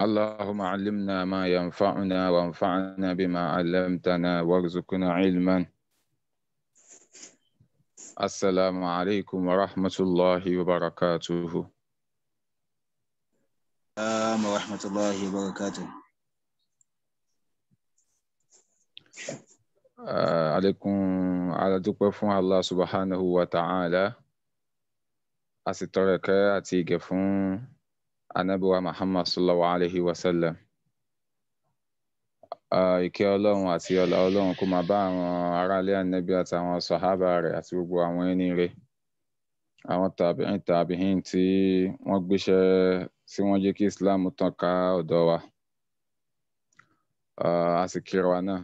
اللهم علمنا ما ينفعنا وانفعنا بما علمتنا وارزقنا علما السلام عليكم ورحمة الله وبركاته السلام ورحمة الله وبركاته آه، عليكم على dúpẹ́ fún Allah subhanahu wa ta'ala a sì anábíwá muhammad sallallahu alayhi wa sallam ìkẹ́ ọlọ́run àti ọlá ọlọ́run kó máa bá àwọn aráalé ànábì àtàwọn sọ̀hábà rẹ̀ àti gbogbo àwọn ẹni rẹ̀ àwọn tàbíhìn tàbíhìn tí wọ́n gbéṣẹ́ tí wọ́n jẹ́ kí islam tàn ká ọ̀dọ̀ wa a sì kíra wa náà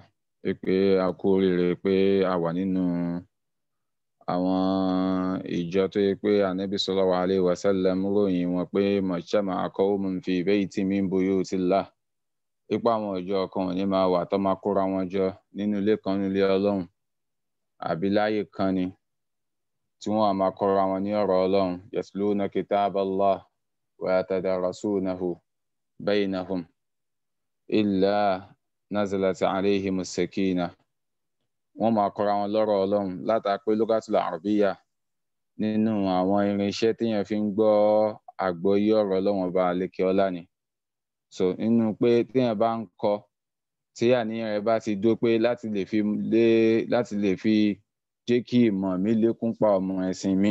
pé a kú oríire pé a wà nínú àwọn ìjọ tó yẹ pé anabi sallallahu alayhi wa sallam ròyìn wọn pé majtama'a qawmun fi baytin min buyutillah ipa àwọn ìjọ kan ò ní máa wà tó máa kóra wọn jọ nínú ilé kan nílé Ọlọ́run àbí láyé kan ni tí wọn á kóra wọn ní ọ̀rọ̀ Ọlọ́run yasluna kitaballah wa yatadarasunahu baynahum illa nazalat alayhimus sakinah wọ́n máa kọ́ra wọn lọ́rọ̀ ọlọ́run látà pé lókàtúlà àrùbíyà nínú àwọn irinṣẹ́ téèyàn fi ń gbọ́ àgbọ́yé ọ̀rọ̀ ọlọ́run ọba àlékè ni so nínú pé téèyàn bá ń kọ tí àníyàn rẹ bá ti dó pé láti lè fi lé láti lè fi jẹ́ kí ìmọ̀ mi lékún pa ọmọ ẹ̀sìn mi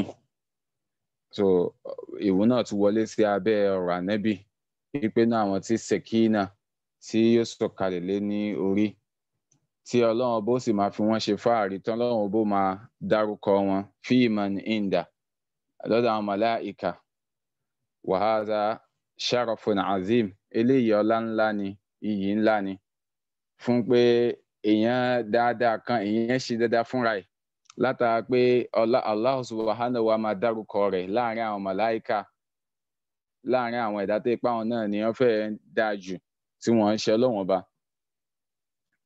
so ìwú náà tún wọlé sí abẹ́ ọ̀rọ̀ ànẹ́bì wípé náà àwọn tí sekina tí yóò sọ̀kalẹ̀ lé ní orí tí ọlọ́run bó sì máa fi wọ́n ṣe fáàrí tán ọlọ́run bó máa dárúkọ wọn fíìmọ̀n ìndà lọ́dọ̀ àwọn màláìka wàhálà azim eléyìí ọlá ńlá ni iyì ńlá ni fún pé èèyàn dáadáa kan èèyàn ṣe dáadáa fúnra ẹ̀ látara pé wa máa dárúkọ láàrin àwọn láàrin àwọn ẹ̀dá tó ipá wọn náà ni wọ́n dáa jù tí wọ́n ń ṣe ọba.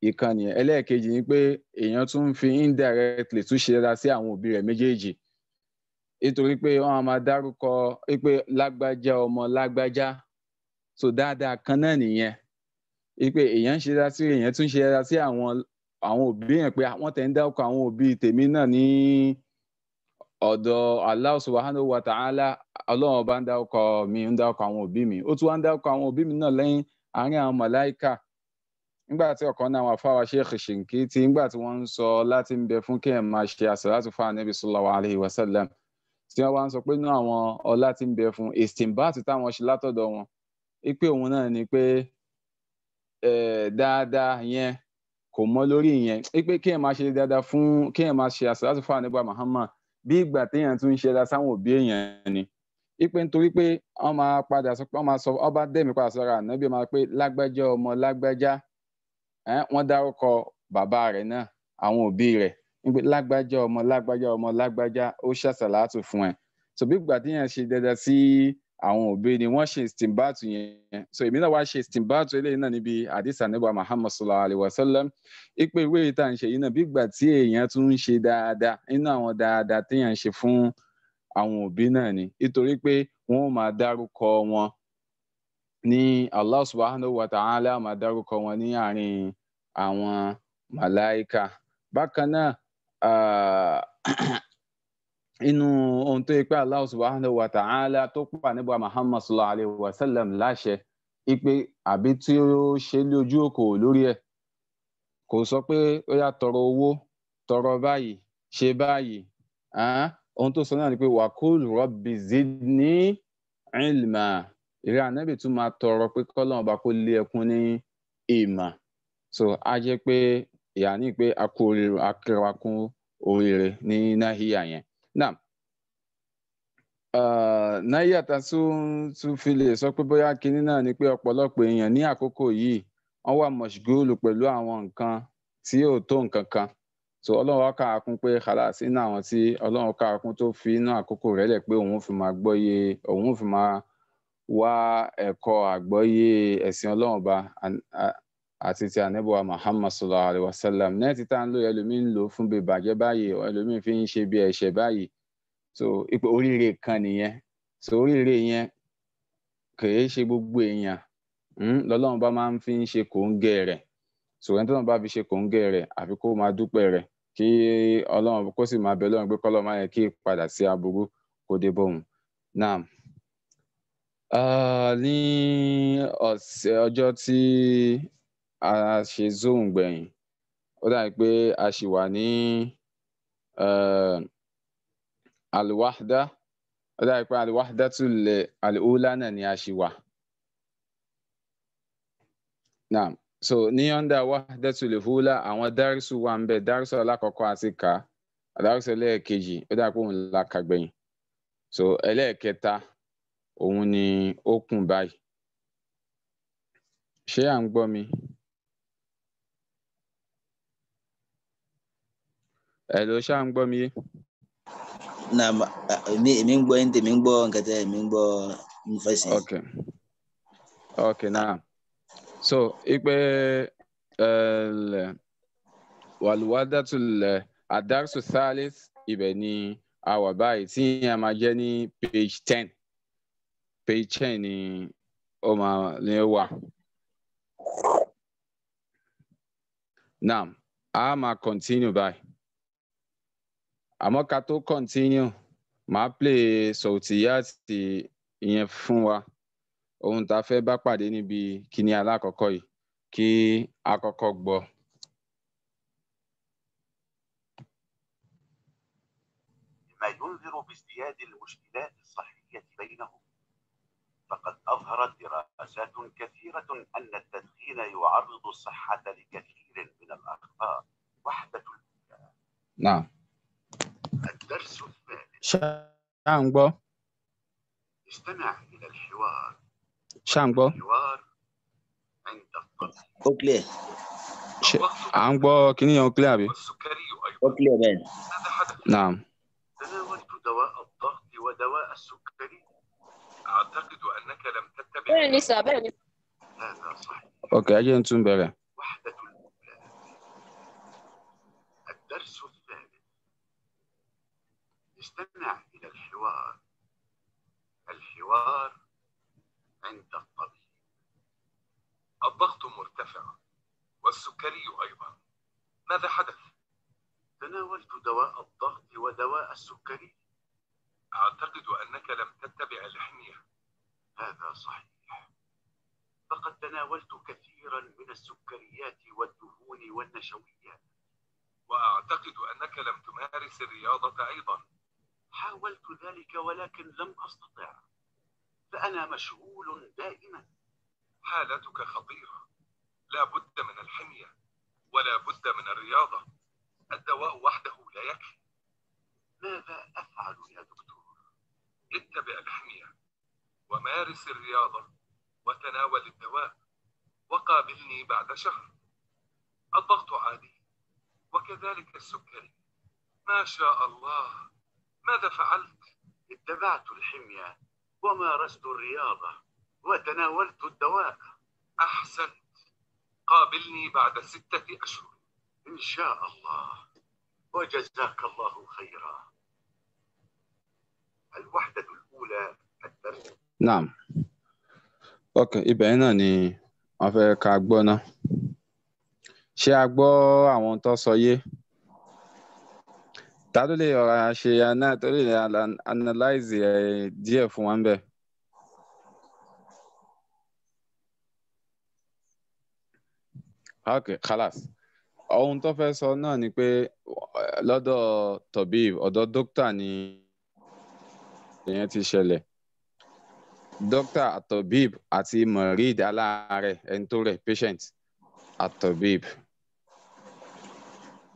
ìkan nìyẹn ẹlẹ́ẹ̀kejì ni pé èèyàn tún ń fi indirectly tún ṣe dáadáa sí àwọn òbí rẹ̀ méjèèjì nítorí pé wọ́n á máa dárúkọ pé lágbájá ọmọ lágbájá so dáadáa kan náà nìyẹn pé èèyàn ń ṣe sí èèyàn tún ṣe sí àwọn àwọn òbí yẹn pé wọ́n tẹ̀ ń dárúkọ àwọn òbí ọba ń mi ń dárúkọ àwọn òbí mi ó tún wá ń dárúkọ àwọn òbí mi náà nígbà tí ọ̀kan náà àwọn afáwa Sheikh Shinkiti nígbà tí wọ́n ń sọ láti ń bẹ fún kí ẹ̀ máa ṣe àṣàlátù fún Ànábì sallallahu alayhi wa sallam tí wọ́n wá sọ pé nínú àwọn ọlá tí ń bẹ fún istinbat ṣe látọ̀dọ̀ wọn ipe òun náà ni pé dáadáa yẹn kò mọ́ lórí ìyẹn ipe kí ẹ̀ máa ṣe dáadáa fún kí ẹ̀ ṣe àṣàlátù fún Ànábì Muhammad bí ìgbà téèyàn tún ń ṣe dáa sáwọn òbí èèyàn ni ipe nítorí pé wọ́n máa padà sọ pé wọ́n máa sọ ọba dẹ́mi padà sọ́ra ànábì máa pé lágbájá ọmọ lágbájá wọ́n dárúkọ bàbá rẹ̀ náà àwọn òbí rẹ̀ nígbà lágbájá ọmọ lágbájá ọmọ lágbájá ó ṣàṣàlátù fún ẹ so bí ìgbà tí yẹn ṣe dandan sí àwọn òbí ni wọ́n ṣe stimbatu yẹn so èmi náà wá ṣe stimbatu eléyìí náà níbi àdìsá nígbà Muhammad sallallahu alayhi wa sallam ipe ìwé yìí tá à ń ṣe yìí náà bí ìgbà tí èèyàn tún ń ṣe dáadáa nínú àwọn dáadáa téèyàn ń ṣe fún àwọn òbí náà ni nítorí pé wọ́n máa dárúkọ wọn ni allah subhanahu wa ta'ala ma dárúkọ wọn ní àárín àwọn màláìka bákan náà inú ohun tó yẹ pé allah subhanahu wa ta'ala tó pa nígbà muhammad sallallahu alayhi wa sallam láṣẹ ipe àbí tí ó ṣe lójú lórí kò sọ pé ó yá tọrọ owó tọrọ báyìí ṣe báyìí ohun tó sọ náà ni pé ìrẹ ànábì tún máa tọrọ pé kọ́lọ́n ọba kó lé ẹkún ní ìmọ̀ so a jẹ́ pé ìyàní pé a kú oríire a kí wa kún oríire ní náhíyà yẹn náà uh, náhíyà ta tún fi lè sọ pé bóyá kinní náà ni pé ọ̀pọ̀lọpọ̀ èèyàn ní àkókò yìí wọ́n wà mọ̀ṣgúlù pẹ̀lú àwọn nǹkan tí ò tó nǹkan kan so ọlọ́run ká a kún pé khalas iná àwọn tí ọlọ́run ká a kún tó fi inú àkókò rẹ̀ lẹ̀ pé òun fi máa gbọ́yé òun fi máa wá ẹ̀kọ́ àgbọ́yé ẹ̀sìn ọlọ́run ba àti ti ànẹ́bọ̀wá Muhammad sallallahu alaihi wa sallam nẹ́ẹ̀tì tá à ń lò ẹlòmíín ń lò fún bí bàjẹ́ báyìí ẹlòmíín fi ń ṣe bí ẹ̀ṣẹ̀ báyìí so ipò oríire kan nìyẹn so oríire yẹn kìí ṣe gbogbo èèyàn hmm, lọ́lọ́run bá máa ń fi ń ṣe kòńgẹ́ rẹ̀ so ẹni tó náà bá fi ṣe kòńgẹ́ rẹ̀ àfi kó máa dúpẹ́ rẹ̀ kí ọlọ́run kó sì máa bẹ lọ́run pé kọ́lọ́run máa yẹ kí padà sí aburú kó dé bóun náà ní ọ̀sẹ̀ ọjọ́ tí a ṣe zoom gbẹ̀yìn ó dàbí pé a ṣì wà ní alwahda ó dàbí pé alwahda tún lè al'ula náà ni a ṣì wà. Naam so ní ọ́ndà wahda tún lè hula àwọn dárísù wà ń bẹ dárísù alákọ̀ọ́kọ́ àti ká dárísù ẹlẹ́ẹ̀kejì ó dàbí pé òun la kà so ẹlẹ́ẹ̀kẹta. òun ni ó kùn báyìí ṣé à ń gbọ́ mi ẹ ló ṣá ń gbọ́ mi yé. na èmi èmi ń gbọ́ tèmi ń gbọ́ nǹkan tẹ́ ń gbọ́ ok ok naa so ipe wàlúwádàtú àdàrúsù salis ibẹ̀ ni a wà báyìí tí a máa jẹ́ ní page ten. page ni ó máa ní ó wà. now a continue by. àmọ́ ká tó continue màá play sọ̀tìyàtì ìyẹn fún wa ohun tá a fẹ́ bá pàdé níbi kíní alákọ̀ọ́kọ́ yìí kí ki kọ́kọ́ gbọ́. ما ينذر بازدياد المشكلات الصحية بينهم فقد أظهرت دراسات كثيرة أن التدخين يعرض الصحة لكثير من الأخطاء وحدة نعم الدرس الثالث شامبو استمع إلى الحوار شامبو الحوار عند الطبيب أوكلي شامبو كني والسكري أيضا أوكلي نعم تناولت دواء الضغط ودواء السكر أعتقد أنك لم تتبع بلا نساء بلا نساء هذا صحيح أوكي أجل أنتم بلا وحدة الدرس الثالث استمع إلى الحوار الحوار عند الطبيب الضغط مرتفع والسكري أيضا ماذا حدث؟ تناولت دواء الضغط ودواء السكري أعتقد أنك لم تتبع الحمية هذا صحيح فقد تناولت كثيرا من السكريات والدهون والنشويات وأعتقد أنك لم تمارس الرياضة أيضا حاولت ذلك ولكن لم أستطع فأنا مشغول دائما حالتك خطيرة لا بد من الحمية ولا بد من الرياضة الدواء وحده لا يكفي ماذا أفعل يا دكتور؟ اتبع الحمية ومارس الرياضة وتناول الدواء وقابلني بعد شهر الضغط عالي وكذلك السكري ما شاء الله ماذا فعلت؟ اتبعت الحمية ومارست الرياضة وتناولت الدواء أحسنت قابلني بعد ستة أشهر إن شاء الله وجزاك الله خيرا الوحدة الأولى نعم اوكي ibẹ̀ náà ni wọ́n fẹ́ ká gbọ́ ná ṣé a gbọ́ àwọn tó sọ yé ta ló lè ọ̀rọ̀ ṣe aná tó lè analyze ẹ̀ díẹ̀ fún wa ń bẹ̀. khalas ohun tó fẹ́ sọ náà ni pé lọ́dọ̀ tobib ọ̀dọ̀ dókítà ni ìyẹn ti ṣẹlẹ̀ dókítà atobib àti morid aláàárẹ̀ ẹni tó rẹ̀ patient atobib.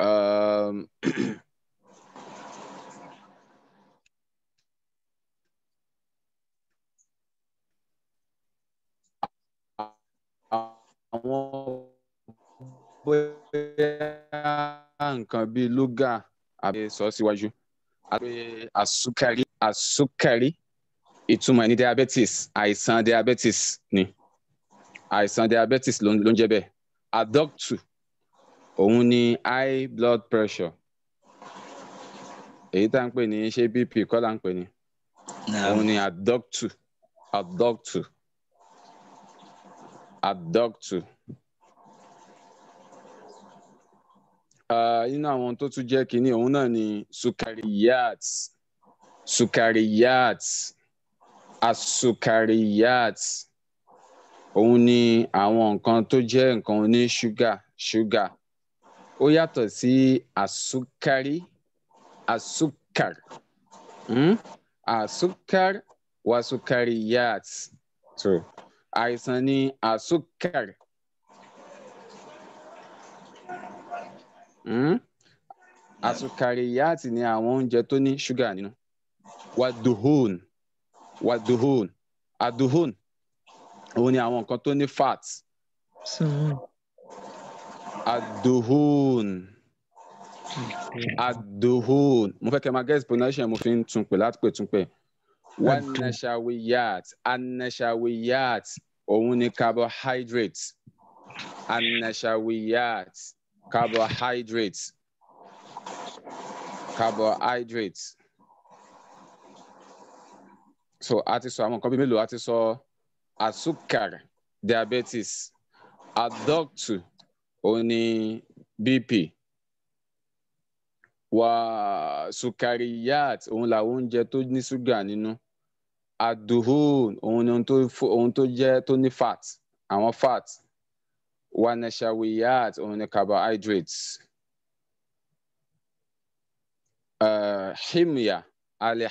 Um, àwọn bóyá nǹkan bíi lúgà àbí sọ síwájú àpè àsúkárí àsúkárí ìtumọ̀ ní diabetes àìsàn diabetes ni àìsàn diabetes ló ń jẹ́ bẹ́ẹ̀ adoctu òun ni high blood pressure èyí tá à ń pè ní ṣé bp kọ́ là ń pè ní òun ni adoctu adoctu adoctu. nínú àwọn tó tún jẹ́ kínní òun náà ni sukariyat sukariyat asukariyat òun ni àwọn nǹkan tó jẹ́ nǹkan oní ṣúgà ṣúgà ó yàtọ̀ sí asukari asukar hmm? asukar wasukariyat so àìsàn ni asukar Hmm? asukariyati ni àwọn oúnjẹ tó ní ṣúgà nínú waduhun waduhun aduhun òun ni àwọn nǹkan tó ní fat aduhun aduhun mo fẹ́ kẹ́ máa guess pronunciation mo fi ń tún pè láti pè tún pè wanashawiyat anashawiyat òun ni carbohydrate anashawiyat carbohydrates carbohydrates so a ti sọ àwọn nǹkan bíi mélòó a ti asukar diabetes adoctu òun ni bp wà sukariyat òun la oúnjẹ tó ní ṣúgà nínú aduhun òun ni ohun tó jẹ tó ní fat àwọn fat. One shall we والنشويات ومن carbohydrates uh, حمية On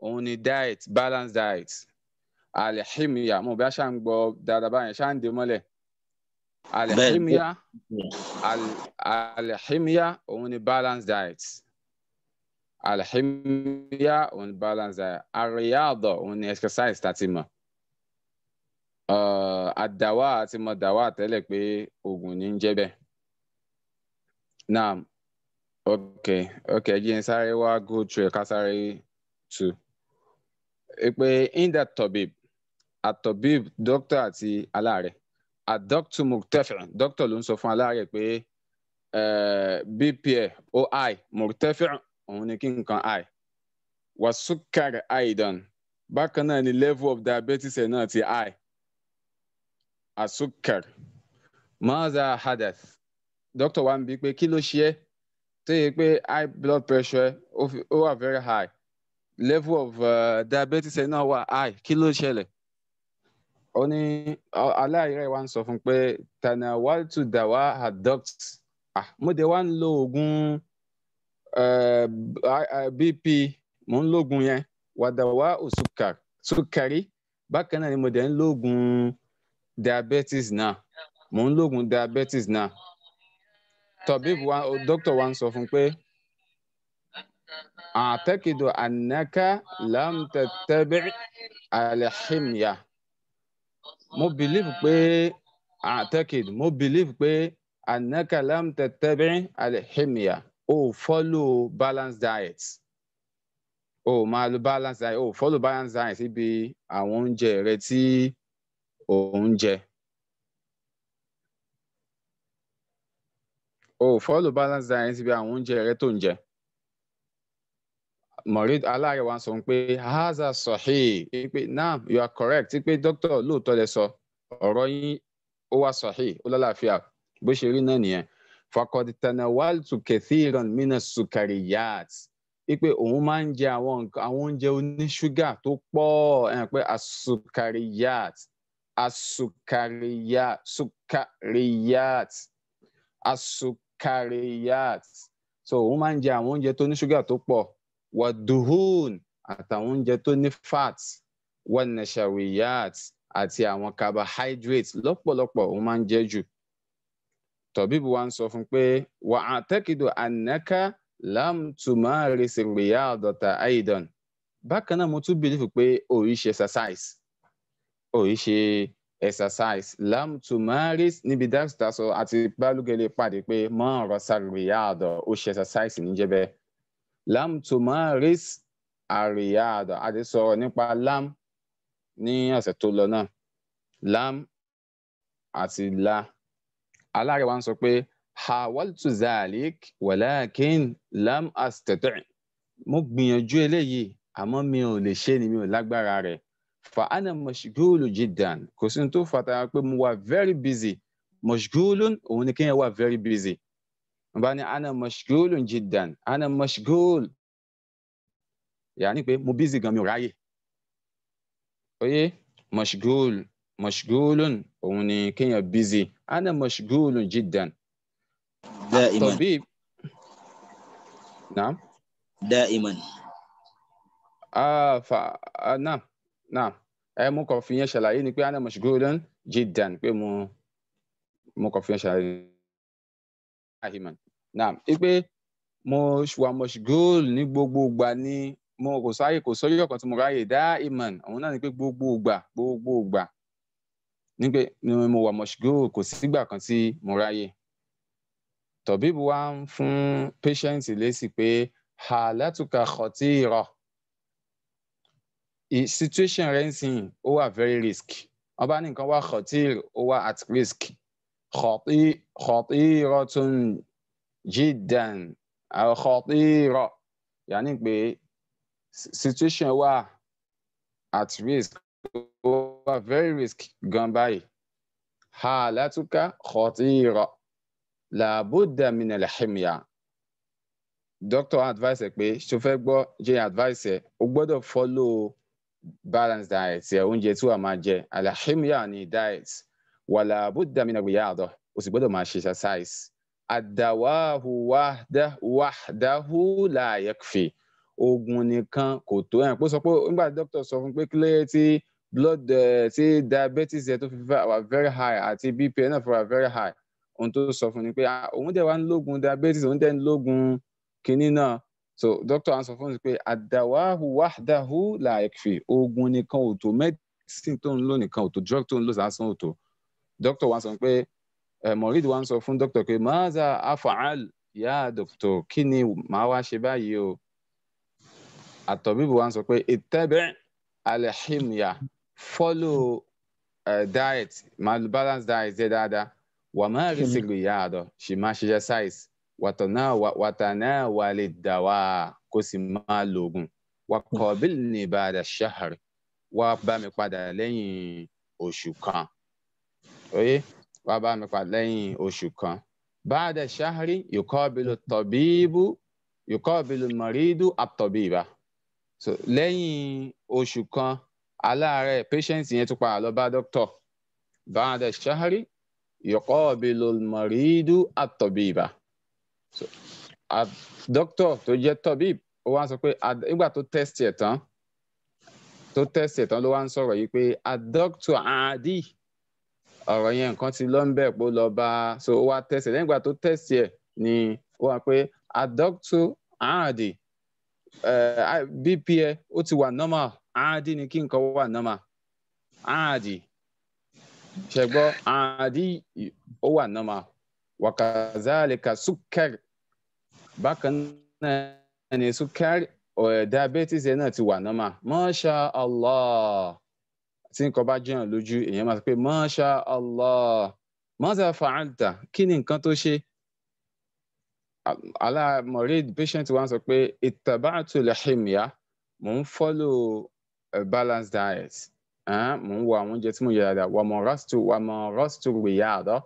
ومن diet balanced diet الحمية mo bí a ṣe ń gbọ́ dáadáa báyẹn ṣá ń dè mọ́lẹ̀ balanced diet الحمية On balanced diet On ومن exercise tá àdáwà àti mọ̀dáwà tẹ́lẹ̀ pé ogun ní ń jẹ́ bẹ́ẹ̀. naam ok ok jí n sáré wá go through ká sáré tu. pé inda Tobib Atobib dókítà àti aláàrẹ̀ àdókítù murtafi' Dr. ló ń sọ fún pe pé bpa oi murtafi' òun ni kí nǹkan i wà sukar aidan bákan náà ni level of diabetes ẹ̀ náà ti i asukar maza hadath doctor wa ń bi pé kí ló ṣe é tó high blood pressure o wa very high level of uh, diabetes ẹ wa wà high kilo ló o ni ní uh, wa ń sọ fún pé tana waltu dawa adopt ah mo dé wá ń lo oògùn uh, bp mo ń lo oògùn yẹn o sukari. bákan náà ni mo dé ń lo oògùn. diabetes na, mò ń lògùn diabetes náà tọ̀bíbù wa dókítà wa ń sọ fún pé àtẹ́kìdò ànáká lámtẹ̀tẹ́bẹ̀rẹ̀ àlẹ́hìmíyà mo believe pé àtẹ́kìdò mo believe pé ànáká lámtẹ̀tẹ́bẹ̀rẹ̀ àlẹ́hìmíyà o follow balanced diet o máa lo balanced diet o follow balanced diet síbi àwọn oúnjẹ rẹ tí. oúnjẹ. o follow balance diet síbi àwọn oúnjẹ rẹ tó ń jẹ. Morid Alárẹ̀wá sọ pé haza sahih pé naam you are correct pé dókítà lóòótọ́ lẹ sọ ọ̀rọ̀ yín ó wá sahih ó lálàáfíà bó ṣe rí náà nìyẹn fakọ̀dì tanawaltu kathiran mina sukariyat pé òun máa ń jẹ àwọn oúnjẹ oníṣúgà tó pọ̀ ẹ̀ pé asukariyat. As Asukariyat, sukariyat asukariyat so òun máa ń jẹ àwọn oúnjẹ tó ní ṣúgà tó pọ̀ waduhun àtàwọn oúnjẹ tó ní fat wanashawiyat àti àwọn carbohydrates lọ́pọ̀lọpọ̀ òun máa ń jẹ jù tọ̀bíbù wa ń sọ fún pé wà á tẹ́kìdò ànáká lámtùmáàrèsì rìyá ọ̀dọ̀ta aidan bákan náà mo tún bìlífù pé òun exercise òye exercise lam tumaris níbi dáìsítà sọ àti balùgẹlẹ pàdé pé mọ ọ̀rọ̀ sàrìyàdọ ó ṣe exercise níjẹbẹ lam tumaris àríyàdọ àti sọ̀rọ̀ nípa lam ní ọ̀sẹ̀ tó lọ náà lam àti la alárẹwà ń sọ pé hawaltu zalik walakin lam astati mo gbìyànjú eléyìí àmọ́ mi ò lè ṣe ni mi ò lágbára rẹ̀ فانا مشغول جدا كوسنتو فتا مو very busy مشغول ونكين هو very busy باني انا مشغول جدا انا مشغول يعني بي مو busy غامي راي اوي مشغول مشغول ونكين busy انا مشغول جدا دائما طبيب نعم دائما اه ف آه نعم náà ẹ mú kàn fi yẹn ṣàlàyé ni pé ana mashghulan jiddan pé mo mo kàn fi yẹn ṣàlàyé ahiman náà ipe mo wà mashghul ní gbogbo ìgbà ní mo kò sáyè kò sọ́yọ́ kan tí mo ráyè dá iman òun náà ni pé gbogbo ìgbà gbogbo ìgbà ní pé mo wà mashghul kò sígbà kan tí mo ráyè tọ̀bíbu wa ń fún patient lésì pé halatuka khatira situation rẹ̀ ń sìn ó wà very risk wọ́n bá ní nǹkan wá khatir ó wà at risk khatiratun jiddan aw khatira yàní pé situation wà at risk ó wà very risk gan báyìí halatuka khatira làbúdà minal himya doctor advice ẹ pé ṣo fẹ́ gbọ́ jẹ́ advice ẹ o gbọ́dọ̀ follow balanced diet ẹ oúnjẹ tí wàá máa jẹ alahimya ni diet wàlà buddha mina riyada o sì gbọ́dọ̀ máa ṣe exercise àdàwáhu wàdáhu la yakfi oògùn nìkan kò tó ẹ̀ pé sọ pé nígbà tí dókítà sọ fún pé kílẹ̀ tí blood eh, tí diabetes ẹ̀ tó fi fẹ́ wà very high àti bp ẹ̀ náà fi wà very high ohun tó sọ fún ni pé ah, òun dẹ̀ wá ń lógun diabetes òun dẹ̀ ń lógun kinní náà so doctor anso fún mi pé àdáwáhu wahdahu la yakfi oògùn nìkan ò tó medicine tó ń lò nìkan ò tó drug tó ń lò sásán ò tó doctor wa sọ pé eh, morid wa ń sọ fún doctor pé maza afaal ya doctor kí ni màá wá ṣe báyìí o àtọ̀bíbù wa ń sọ pé ittabi alhimya follow uh, diet my balanced diet ṣe dáadáa wàmọ́ àrísìlú ìyá àdọ̀ ṣì máa ṣiṣẹ́ size wàtọ̀nà wàtànà wàlè dàwà kó sì máa lògùn wàkọ̀bí ní ìbàdà ṣahar wá bá mi padà lẹ́yìn oṣù kan oyè wá bá mi padà lẹ́yìn oṣù kan bàdà ṣahari yòkọ́bìlù tọ̀bíbù yòkọ́bìlù mọ̀rídù àtọ̀bíbà so lẹ́yìn oṣù kan aláàárẹ̀ patient yẹn tún padà lọ bá dókítọ̀ bàdà ṣahari yòkọ́bìlù mọ̀rídù àtọ̀bíbà. dókítà tó jẹ tọ́bí ó wá sọ pé nígbà tó tẹ́sítì ẹ̀ tán tó tẹ́sítì ẹ̀ tán ló wá ń sọ̀rọ̀ yìí pé dókítà àdì ọ̀rọ̀ yẹn nǹkan ti lọ ń bẹ̀ pé ó lọ bá so ó wá tẹ́sítì lẹ́yìn ìgbà tó tẹ́sítì ẹ̀ ni ó wá pé dókítà àdì bp ẹ ó ti wà normal àdì ni kí nǹkan wà normal àdì ṣẹgbọ́ àdì ó wà normal. wakazalika sukar bákan náà ni sukar diabetes yẹn náà ti wà normal masha allah tí nǹkan bá jẹun lójú èèyàn máa sọ masha allah maza fa'alta kí ni nǹkan tó ṣe aláàmọ̀rí patient wa sọ pé ittaba'tu lihimya mò ń follow a balanced diet mò ń wo àwọn oúnjẹ tí mo yẹ dáadáa wà mọ̀ rọ́stù wà mọ̀ rọ́stù rìyàdọ́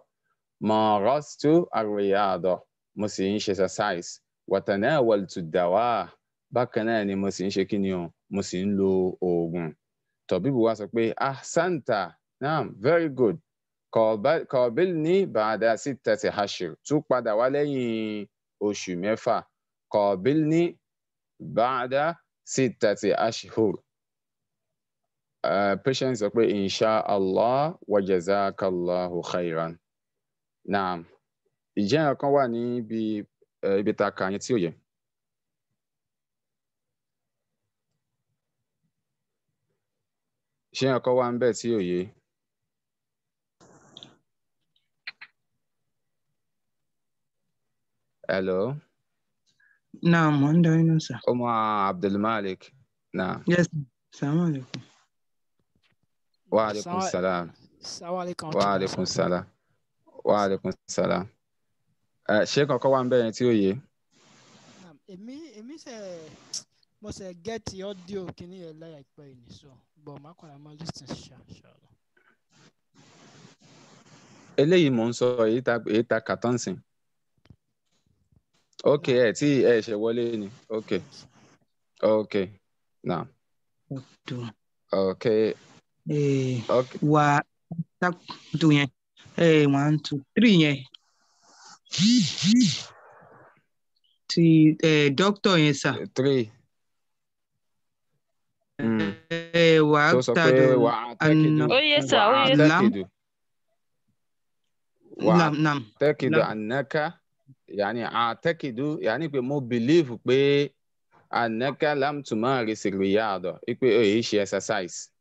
marastu ariyada mo sì ń ṣe exercise watanawaltu dawa bákan náà ni mo sì ń ṣe kí ni o mo sì ń lo oògùn tọ̀bíbù wa sọ pé ahsanta naam very good kọ̀ọ̀bìl ní bàdà sittati hashir tún padà wá lẹ́yìn oṣù mẹ́fà kọ̀ọ̀bìl ní bàdà sittati hashir eh, patient sọ insha allah wa jazakallahu khairan na ìjẹ́ ẹ̀rọ kan wà níbi ibi tá a kà yẹn tí ò yẹ. ṣé ẹ̀kọ́ wà ń bẹ̀ tí ò hello. naam mo ń darí nù sá. ọmọ abdulmalik naam. yes salaam aleykum. wa aleykum salaam. salaam aleykum. wa aleykum salaam wa aleykum salaam ṣé kankan wà ń bẹ̀rẹ̀ tí ó yé. èmi èmi ṣe mo get gẹ́ẹ̀tì audio kìíní yẹn láyà ìpẹ́ yìí nìṣó bọ̀ má kọ́ra mọ́ lísìn ṣàṣàlọ́. eléyìí mò ń sọ èyí ta kàtánsìn ok ẹ tí ẹ ṣe wọlé ni ok ok now ok. Ee, eh, okay. wa takutu yẹn. Hey, eh, one two three yeah. ti ẹ eh, doctor yẹn sà. Eh, three. ẹ wà á tàdó àná oyè sà oyè sà nam nam tẹkidu anaka yaani atakidu yaani pé mo believe pé anaka lam tumari siriyado ipe oye ṣe exercise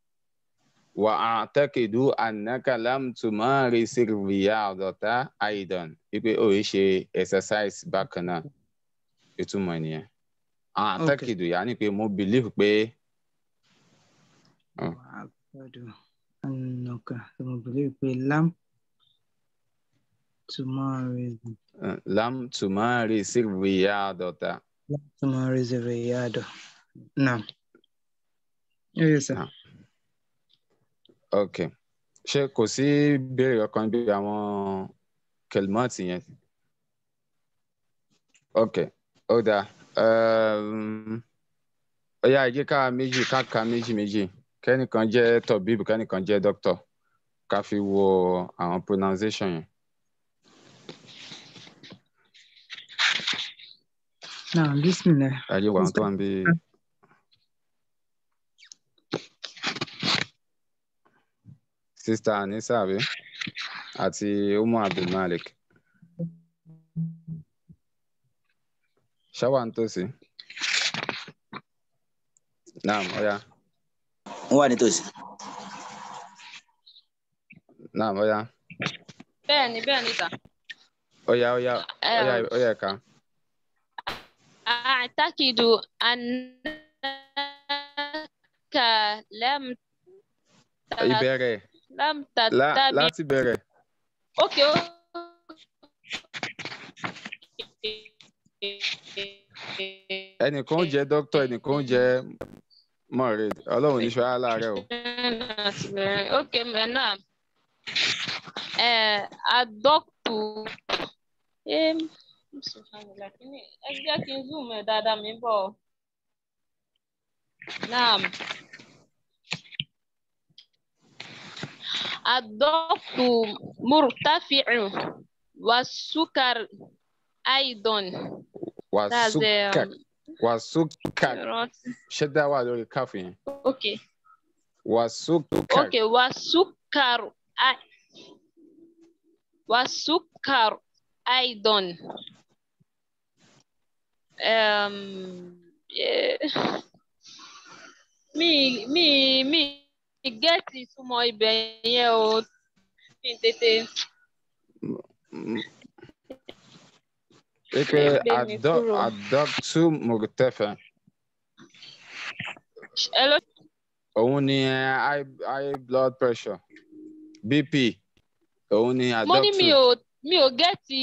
wa'ataqidu annaka lam tumarisir riyadata aidan wípé ó yìí ṣe exercise bákan náà ìtumọ̀ nìyẹn àtàkìdù yà ni pé mo believe pé. wa'ataqidu annaka mo believe pé lam tumaris. Eh, lam tumarisir riyadata. lam tumarisir riyadata. naam. Yes, sir. Naam ok ṣé kò sí ìbéèrè kankan bí àwọn kẹlmọ́ọ̀tì yẹn ok ó dáa ehm, ó yá ẹ jẹ́ ká méjì ká ka méjì méjì kẹ́nìkan jẹ́ tọ̀bíb kẹ́nìkan jẹ́ dókítọ̀ ká fi wo àwọn pronunciation yẹn. náà bísí mi. ayé wa tó ń bí. sista anisa abi àti umu abdulmalik ṣáwà ń tòsí naam ọ̀ya. ń wà nítòsí. naam ọ̀ya. bẹ́ẹ̀ni bẹ́ẹ̀ni ta. ọ̀ya ọ̀ya ọ̀ya ọ̀ya ẹ̀ka. أعتقد أنك لم تبرئ lam tàbí. láti bẹ̀rẹ̀. ok o. ẹnìkan ń jẹ́ dókítà ẹnìkan ń jẹ́ mọ̀rẹ́ ọlọ́run níṣọ́ aláàárẹ̀ o. ok mẹ́nà adọ́kù ẹ jẹ́ kí n zoom ẹ̀ dáadáa mi bọ̀. Naam. الضغط مرتفع والسكر أيضا والسكر والسكر شدة واو الكافي أوكي والسكر أوكي والسكر والسكر أيضا أم... إيه. مي مي مي He gets ìgẹ́ẹ̀tì ìtumọ̀ ibẹ̀ yẹn o kí adopt, tètè. Ike adọ́tú mọ̀gítẹ́fẹ̀. Òun ni high blood pressure BP Only adopt. Money, oh, oh, eh, Mo ní mi ò mi ò gẹ́ẹ̀tì.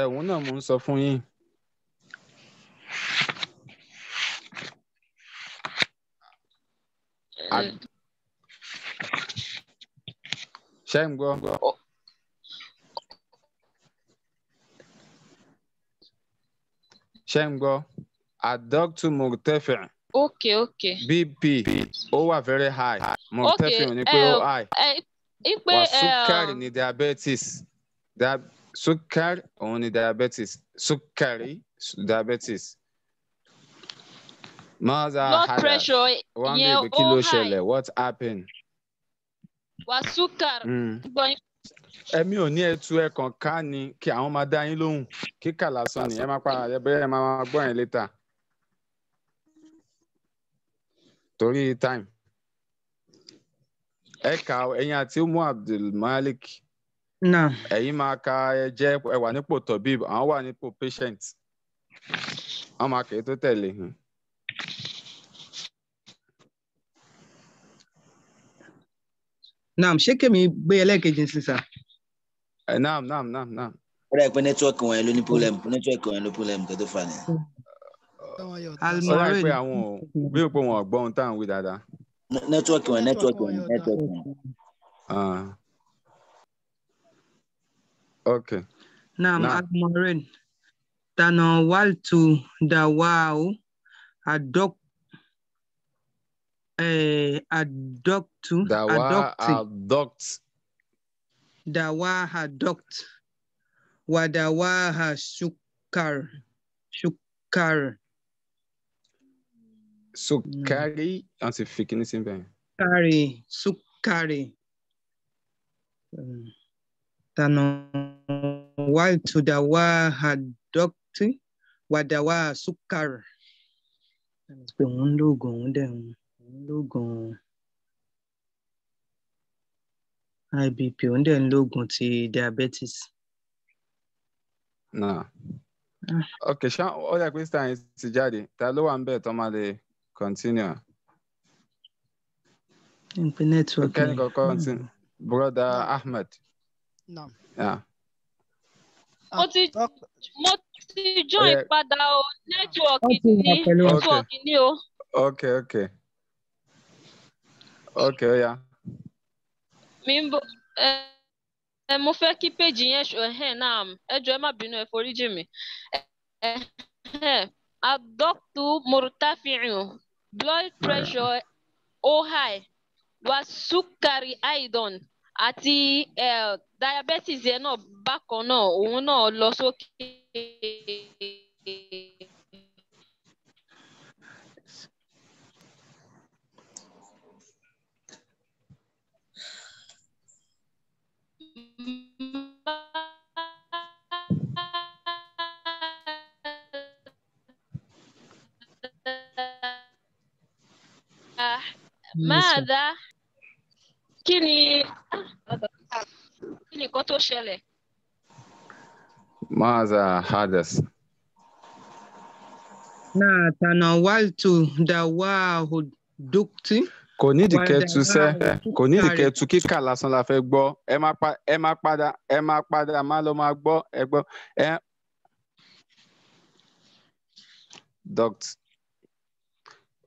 Ẹ̀wọ̀n náà mo sọ ṣé ń gbọ́. ṣé ń gbọ́. adoctu murtefe. ok ok. bp over very high. murtefe ò ní pé ó eh, high. Eh, ipe wà eh, sukari um, ní diabetes sukari òun ní diabetes sukari diabetes maza blood pressure yẹn ó high kí ló oh, ṣẹlẹ̀ what happened. wasukar. Hmm. ẹ̀mí ò ní ẹtu ẹ̀kan ká ni kí àwọn máa dá yín lóhùn kíkà lásán ni ẹ máa para ẹ bẹ́ẹ̀ máa gbọ́ yẹn létà. torí time ẹ kà ẹ̀yin àti umu abdulmalik ẹ̀yin máa ka ẹ jẹ́ ẹ wà nípò tabib àwọn wà nípò patient wọ́n máa kè to tó tẹ̀lé. Hmm. naam ṣé kèmí gbé ẹlẹ́ẹ̀kejì ń sísà. Eh, naam naam naam naam. ó dà pé nẹ́tíwọ́ọ̀kì wọn ló ní pọ́lẹ́mù nẹ́tíwọ́ọ̀kì wọn ló pọ́lẹ́mù tó tó fà ní. ọlọ́run pé àwọn bí o pé wọn ọ̀gbọ́n tá à ń wí dáadáa. nẹ́tíwọ́ọ̀kì wọn nẹ́tíwọ́ọ̀kì wọn nẹ́tíwọ́ọ̀kì wọn. Ah. ok. naam almorin tanawaltu dawao adok eh, adoptu dawa adopt dawa adopt wa dawa shukar shukar sukari mm. àti fikini sí bẹ́ẹ̀. sukari sukari um, tana waltu dawa adoptu wa dawa sukar. Òun lóògùn òun dẹ̀ ń. ń lóògùn high bp òun dẹ̀ ń lóògùn ti diabetes. náà ah. ok ṣá ọ̀dà kristian ti jáde ta ló wà ń bẹ̀ tó máa lè continue. nípa network ni kẹ́ni kọ́kọ́ ti hmm. broda ahmed. náà. Yeah mo ti mo ti join eh. padà o network ní network ní o. ok ok. okay okay ó yá. mi ẹ mo fẹ́ kí péjì yẹn ẹhẹn náà ẹ jọ̀ọ́ ẹ má bínú ẹ foríjì mi ẹhẹn adọ́tú murtafi'u blood pressure ó high wà sukari iodon àti diabetes yẹn náà bákan náà òun náà lọ sókè. máàdá kí ni kí ni nǹkan tó ṣẹlẹ̀. máàdá hadas. náà tànà wàltù dàwà dùkítì. kò nídìí kẹtù sẹ kò kíkà lásán la fẹ́ gbọ́ ẹ má pa ẹ má padà ẹ má padà má lọ má gbọ́ ẹ gbọ́ ẹ. duct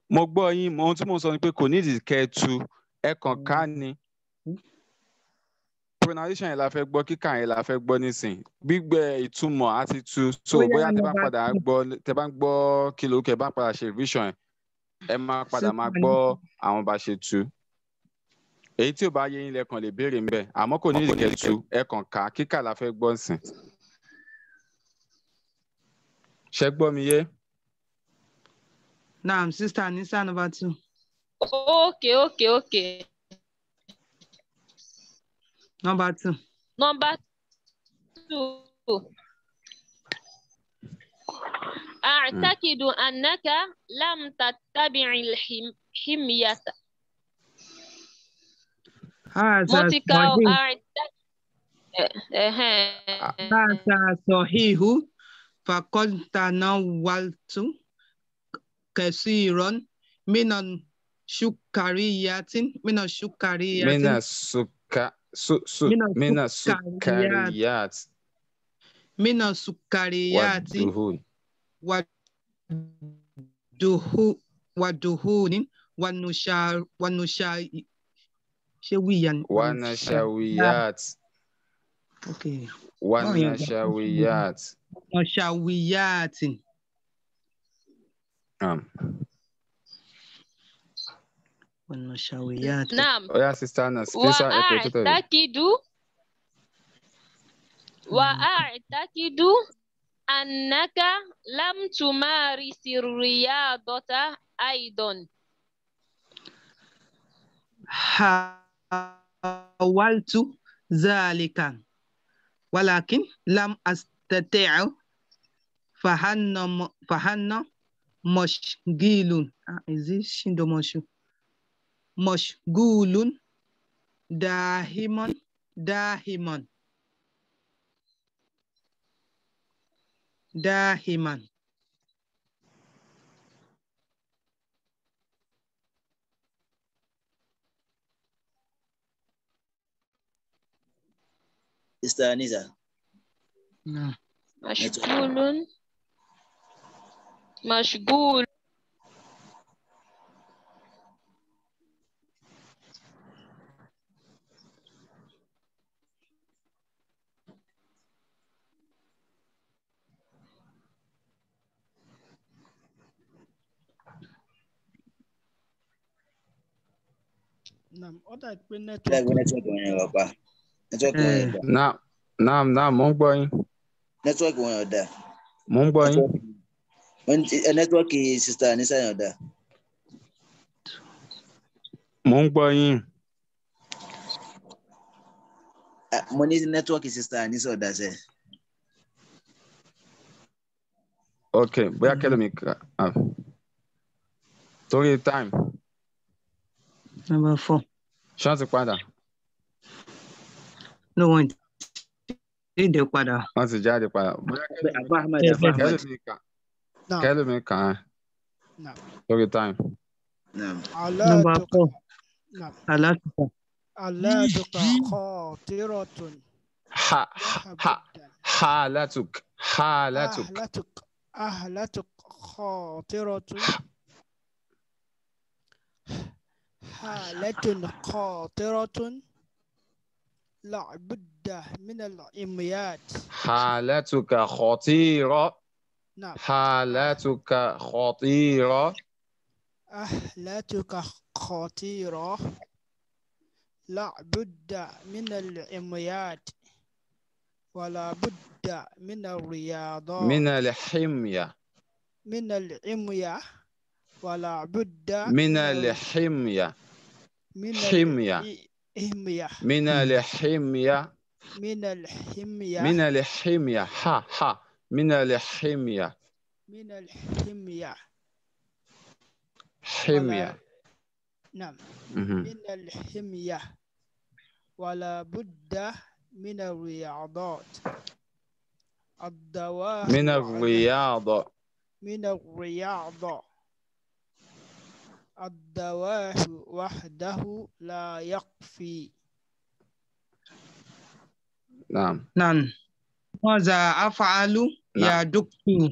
mo gbọ́ yín ohun tí mo sọ ni pé kò ní ìdíkẹ́ tu ẹ kàn ká mm-hmm. ni pronunciation yẹn la fẹ́ gbọ́ kíkà yẹn la fẹ́ gbọ́ nísìn gbígbẹ ìtumọ̀ àti tu so bóyá tẹ bá padà gbọ́ tẹ bá gbọ́ kìlò kẹ bá padà ṣe revision yẹn ẹ máa padà máa gbọ́ àwọn bá ṣe tu èyí tí ò bá yé yín lẹ́kàn lè béèrè ńbẹ̀ àmọ́ kò ní ìdíkẹ́ tu ẹ kàn ká kíkà la fẹ́ gbọ́ nsìn ṣẹ́ gbọ́ mi yé. Yeah? Now, Sister Anisa, number two. Okay, okay, okay. Number two. Number two. أعتقد أنك لم تتبع الحمية. موتيكا أعتقد. هذا صحيح فقد تناولت kasiron minan shukariyatin minan shukariyatin minan suka su su minan sukariyat minan sukariyatin wa duhu wa duhu ni wa nusha wa nusha shewiyan wa nusha wiyat okay wa nusha wiyat wa nusha wiyatin okay. نعم والنشويات نعم يا oh, سيستانا وأعتقد وأعتقد أنك لم تمارس الرياضة أيضا حاولت ذلك ولكن لم أستطع فهنم فهنم Moshgilun. Uh, is it Shindomoshu? Moshgulun. Dahimon. Dahimon. Dahiman. Sister Aniza. No. Ah. Mashgulun. مشغول Lẹ́gbẹ̀ẹ́ não wọn yẹn wà pa. Nẹ́tíwọ́ọ̀kì wọn yẹn eh, dà. Naam naam naam mo ń gbọ́ yín. Nẹ́tíwọ́ọ̀kì nẹ́tíwọ́ọ̀kì sista Anisa ọ̀dà. mo ń gbọ́ yín. mo ní nẹ́tíwọ́ọ̀kì sista Anisa ọ̀dà sẹ́. ok bóyá kẹlẹ́ mi kà á torí time. number four. ṣáàtì padà. no one ti dé padà. wọ́n ti jáde padà. bóyá kẹlẹ́ mi kà نعم كلمك عنه نعم توقي تايم نعم ألا تقع نعم ألا نعم. تقع خاطرة ح ح حالتك حالتك أهلتك أهلتك خاطرة حالة خاطرة لابد من الإميات حالتك خطيرة نعم. حالتك خطيرة أحلتك خطيرة لا بد من العميات ولا بد من الرياضة من الحمية من الحمية ولا بد من الحمية من الحمية من الحمية من الحمية من الحمية ها ها من الحمية من الحمية حمية نعم من الحمية ولا بد من الرياضات الدواء من الرياضة من الرياضة الدواء وحده لا يقفي نعم نعم ماذا أفعل نعم. نعم. يا دكتور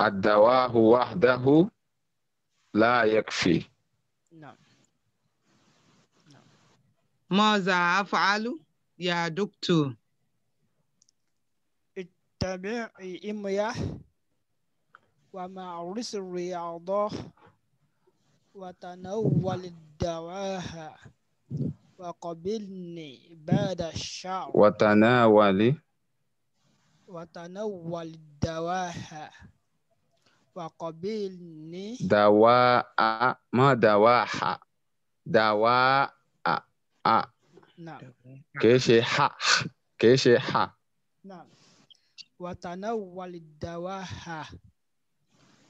الدواء وحده لا يكفي نعم, نعم. ماذا أفعل يا دكتور اتبعي إمياه ومعرس الرياضة وتناول الدواء وقبلني بعد الشهر وتناولي وتناول الدواء وقبلني دواء ما دواء دواء نعم كيشي حا كيشي حا نعم وتناول الدواء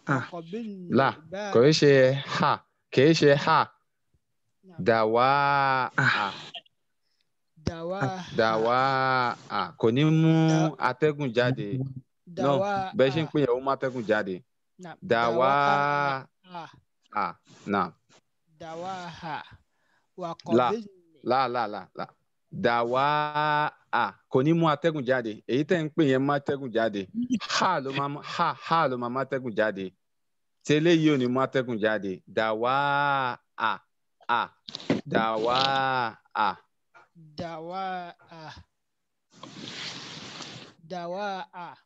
آه. وقبلني لا كيشي حا كيشي حا نعم. دواء آه. dàwa dàwa kò ní mú atẹ́gùn jáde dàwa bẹ́ẹ̀ ṣe ń pè yẹn ó mú atẹ́gùn jáde dàwa na. dàwa wà kọ́ bẹ́ẹ̀ la la la la dàwa a kò ní mú atẹ́gùn jáde èyí tẹ́ ń pè yẹn má atẹ́gùn jáde ha ló máa ha ha ló máa má atẹ́gùn jáde tẹ́lẹ̀ yìí ò ní mú atẹ́gùn jáde dàwa a a dàwa a. دواء دواء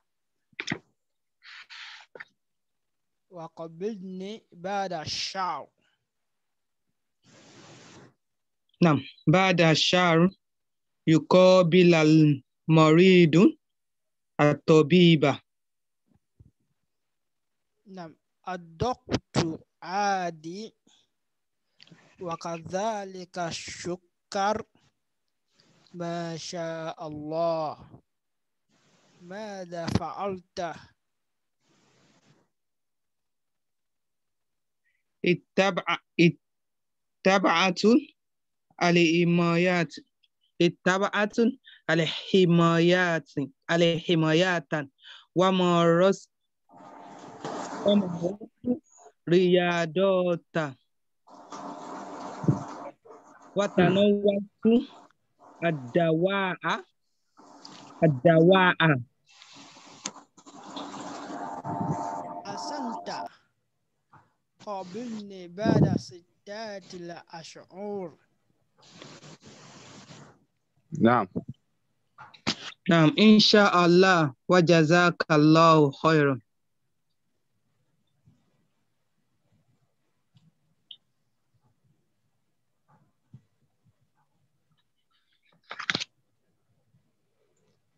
وقبلني بعد الشعر نعم بعد الشعر يقابل المريض الطبيب نعم الدكتور عادي وكذلك الشكر ما شاء الله ماذا فعلت اتبع اتبعت الحمايات اتبعت الحمايات الحمايات ومارس رياضات وتنوعت الدواء الدواء أحسنت قابلني بعد ستة الأشهر نعم نعم إن شاء الله وجزاك الله خيرا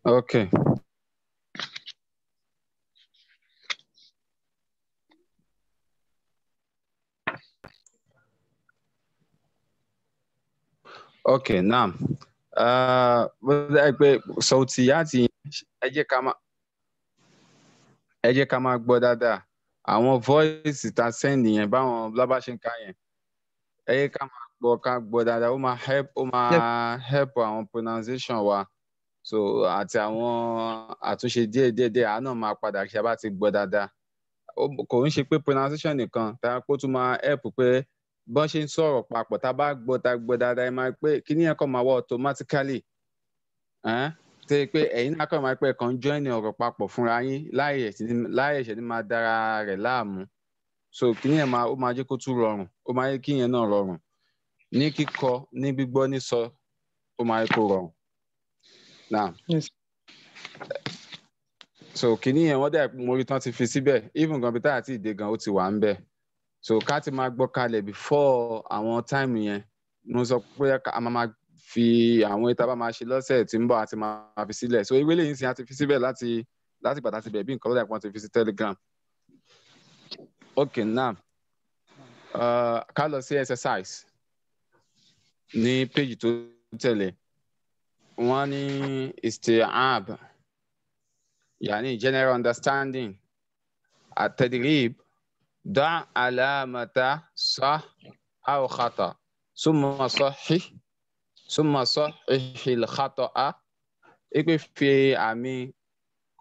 Okay. Okay, now. Bọ́dá ẹ pé sọ̀tì yáàtì ẹ jẹ́ ká máa ẹ jẹ́ ká máa gbọ́ dáadáa àwọn voice ta send yẹn báwọn lábàṣẹ́ńká yẹn ẹ jẹ́ ká máa gbọ́ ká gbọ́ dáadáa ó máa help ó máa help àwọn pronunciation wa so àti àwọn àtúnṣe díẹ̀ díẹ̀ díẹ̀ àánà máa padà ṣe abá ti gbọ́ dáadáa kò ń ṣe pé pronunciation nìkan tá a kó tún máa help pé bọ́n ṣe ń sọ̀rọ̀ papọ̀ tá a bá gbọ́ tá a gbọ́ dáadáa ẹ máa pé kíní ẹ̀kọ́ máa wá automatically tẹ́ pé ẹ̀yin náà kàn máa pẹ́ kàn join ọ̀rọ̀ papọ̀ fúnra yín láì ẹ̀ṣẹ̀ ní máa dára rẹ̀ láàmú so kíní ẹ̀ máa ó máa jẹ́ kó tún rọrùn ó máa yẹ kíyẹn náà rọrùn ní kíkọ ní gbígbọ́ ní sọ ó máa yẹ kó rọrùn now yes. so kínní yẹn wọ́n dẹ̀ mórí tán ti fi síbẹ̀ even gan bí tá àti ìdè gan ó ti wà ń bẹ̀ so ká ti máa gbọ́ kalẹ̀ before àwọn táìmù yẹn mo sọ pé a máa fi àwọn ìta bá máa ṣe lọ́sẹ̀ tí ń bọ̀ àti máa fi sílẹ̀ so ìwé lẹ́yìn sí àti fi síbẹ̀ láti láti gbàdá síbẹ̀ bí nǹkan lọ́dà kan ti fi sí telegram Okay, now uh, ká lọ sí exercise ní péjì tó tẹ̀lé wọ́n ní istiab yani general understanding atadrib dá alámata sá aw khata summa sahih summa sahihil khata'a ipe fi àmì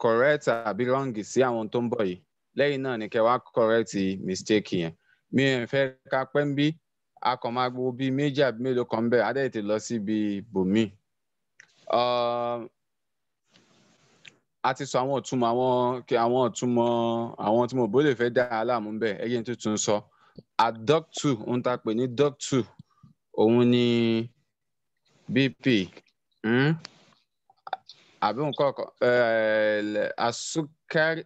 correct àbí wrong sí àwọn tó ń bọ̀ yìí lẹ́yìn náà ni kẹwàá correct mistake yẹn mi ò fẹ́ ká pẹ́ ń bí a kàn máa bíi méjì àbí mélòó kan bẹ́ẹ̀ adẹ́tẹ̀ lọ síbi bòmíì. Um, a ti sọ àwọn ìtumọ̀ àwọn àwọn ìtumọ̀ àwọn tí mo bó lè fẹ́ dá aláàmú bẹ́ẹ̀ ẹ̀yẹ́ tó tún sọ adductu ohun tá a pè ní ductu òun ni bp hmm? àbí nǹkan kan eh, asukari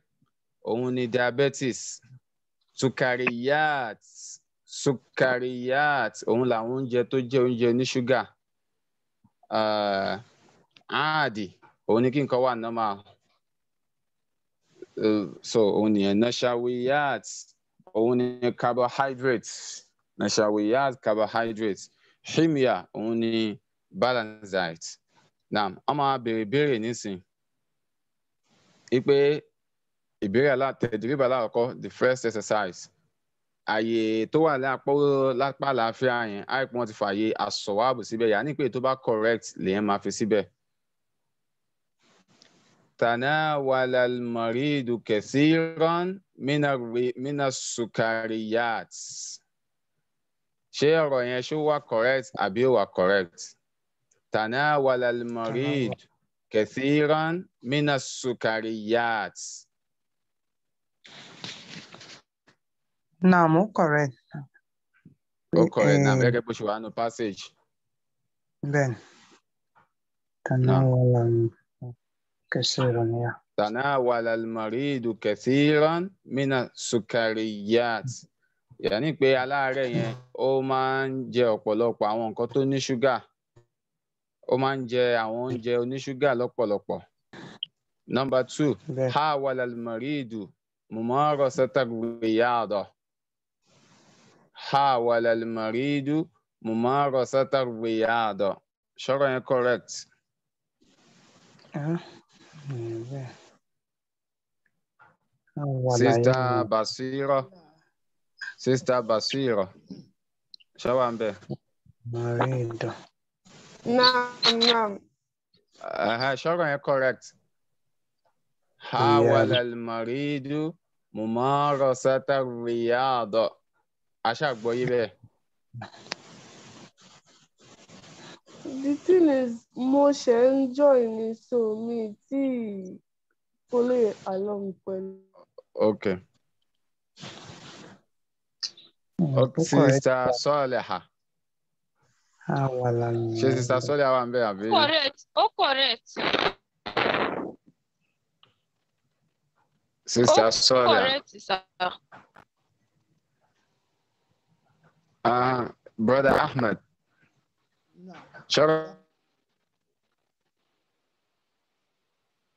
òun ni diabetes sukariyat sukariyat òun làwọn oúnjẹ tó jẹ́ oúnjẹ ní ṣúgà. Uh, àádì òun ni kí nǹkan wà normal uh, so òun nìyẹn nashawiyat òun ni carbohydrates nashawiyat carbohydrates himya òun ni balancite na a máa béèrè béèrè nísìn ipe ìbéèrè alátẹ̀dìríbà alákọ̀ọ́kọ́ the first exercise àyè tó wà lápá lápá àlàáfíà yẹn àìpọ́n ti fààyè àsọ̀wáàbò síbẹ̀ yà ní pé tó bá correct lèyẹn máa fi síbẹ̀. Si تناول المريض كثيرا من من السكريات ṣé ọ̀rọ̀ yẹn ṣó wà correct àbí ó wà correct تناول المريض كثيرا من السكريات نعم ó correct. ó correct náà gẹ́gẹ́ bó ṣe wà nù passage. bẹ́ẹ̀ ni. تناول كثيرا يا تناول المريض كثيرا من السكريات يعني pé aláàárẹ̀ yẹn ó máa ń jẹ ọ̀pọ̀lọpọ̀ àwọn nǹkan tó ní ṣúgà ó máa ń jẹ àwọn oúnjẹ oníṣúgà lọ́pọ̀lọpọ̀ number two حاول المريض ممارسة الرياضة حاول المريض ممارسة الرياضة ṣọ́rọ̀ yẹn correct. Uh-huh. Sister Basira. Sister Basira. Shabambe. Marido. No, no. Uh, Shabambe, you're correct. Hawal al maridu mumarasata riyadu. Ashak, boy, the thing is mo ṣe ń join ni so mi tí follow along pẹ̀lú. okay. okay. sister Sọ́ọ̀lẹ̀ha. ṣe sister Sọ́ọ̀lẹ̀ha wà ń bẹ̀ àbí. correct ó correct. sister Sọ́ọ̀lẹ̀ha. ó correct Uh, brother Ahmed. Sharon.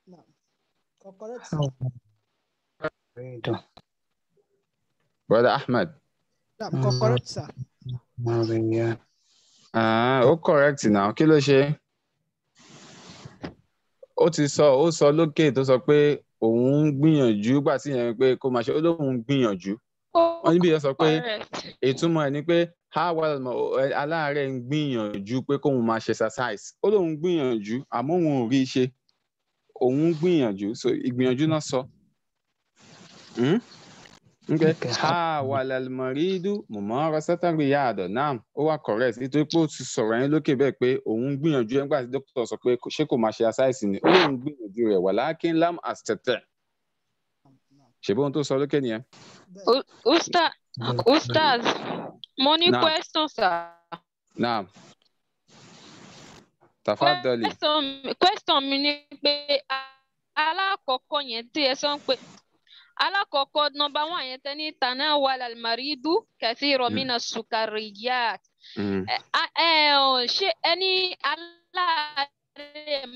No. Correct. Oh. Correct. Brother Ahmed. No, correct, sir. Maria. Ah, ó correct now. Kí ló ṣe? Ó ti sọ, ó sọ lókè tó sọ pé òun ń gbìyànjú gbà tí yẹn pé kó máa ṣe ó lóun ń gbìyànjú. Wọ́n níbi yẹn sọ pé ìtumọ̀ ẹ̀ ni pé howard eh, aláàárẹ̀ ń gbìyànjú pé kóun máa ṣe exercise ó lóun gbìyànjú àmọ́ òun ò rí i ṣe òun gbìyànjú so ìgbìyànjú náà sọ. Nke hmm? hawal almaridu mumara satari yaadọ naam ó wà correct nítorí pé ó ti sọ̀rọ̀ yẹn lókè bẹ́ẹ̀ pé òun gbìyànjú ẹgbà tí dókítà sọ pé ṣé kò máa ṣe aṣáìsì ni ó lóun gbìyànjú rẹ̀ wà láàkín lam àtẹ̀tẹ̀ ṣèbí ohun tó sọ lókè nìyẹn. ustaz. Money نعم. question sir. نعم. تفضلي. question question mi ni pé alákọ̀ọ́kọ́ yẹn tí ẹ sọ pé alákọ̀ọ́kọ́ nọmba one yẹn tẹ́ ní tànà wàlà màrídù kẹfì rọmìnà sukariya. ṣé ẹni aláàárẹ̀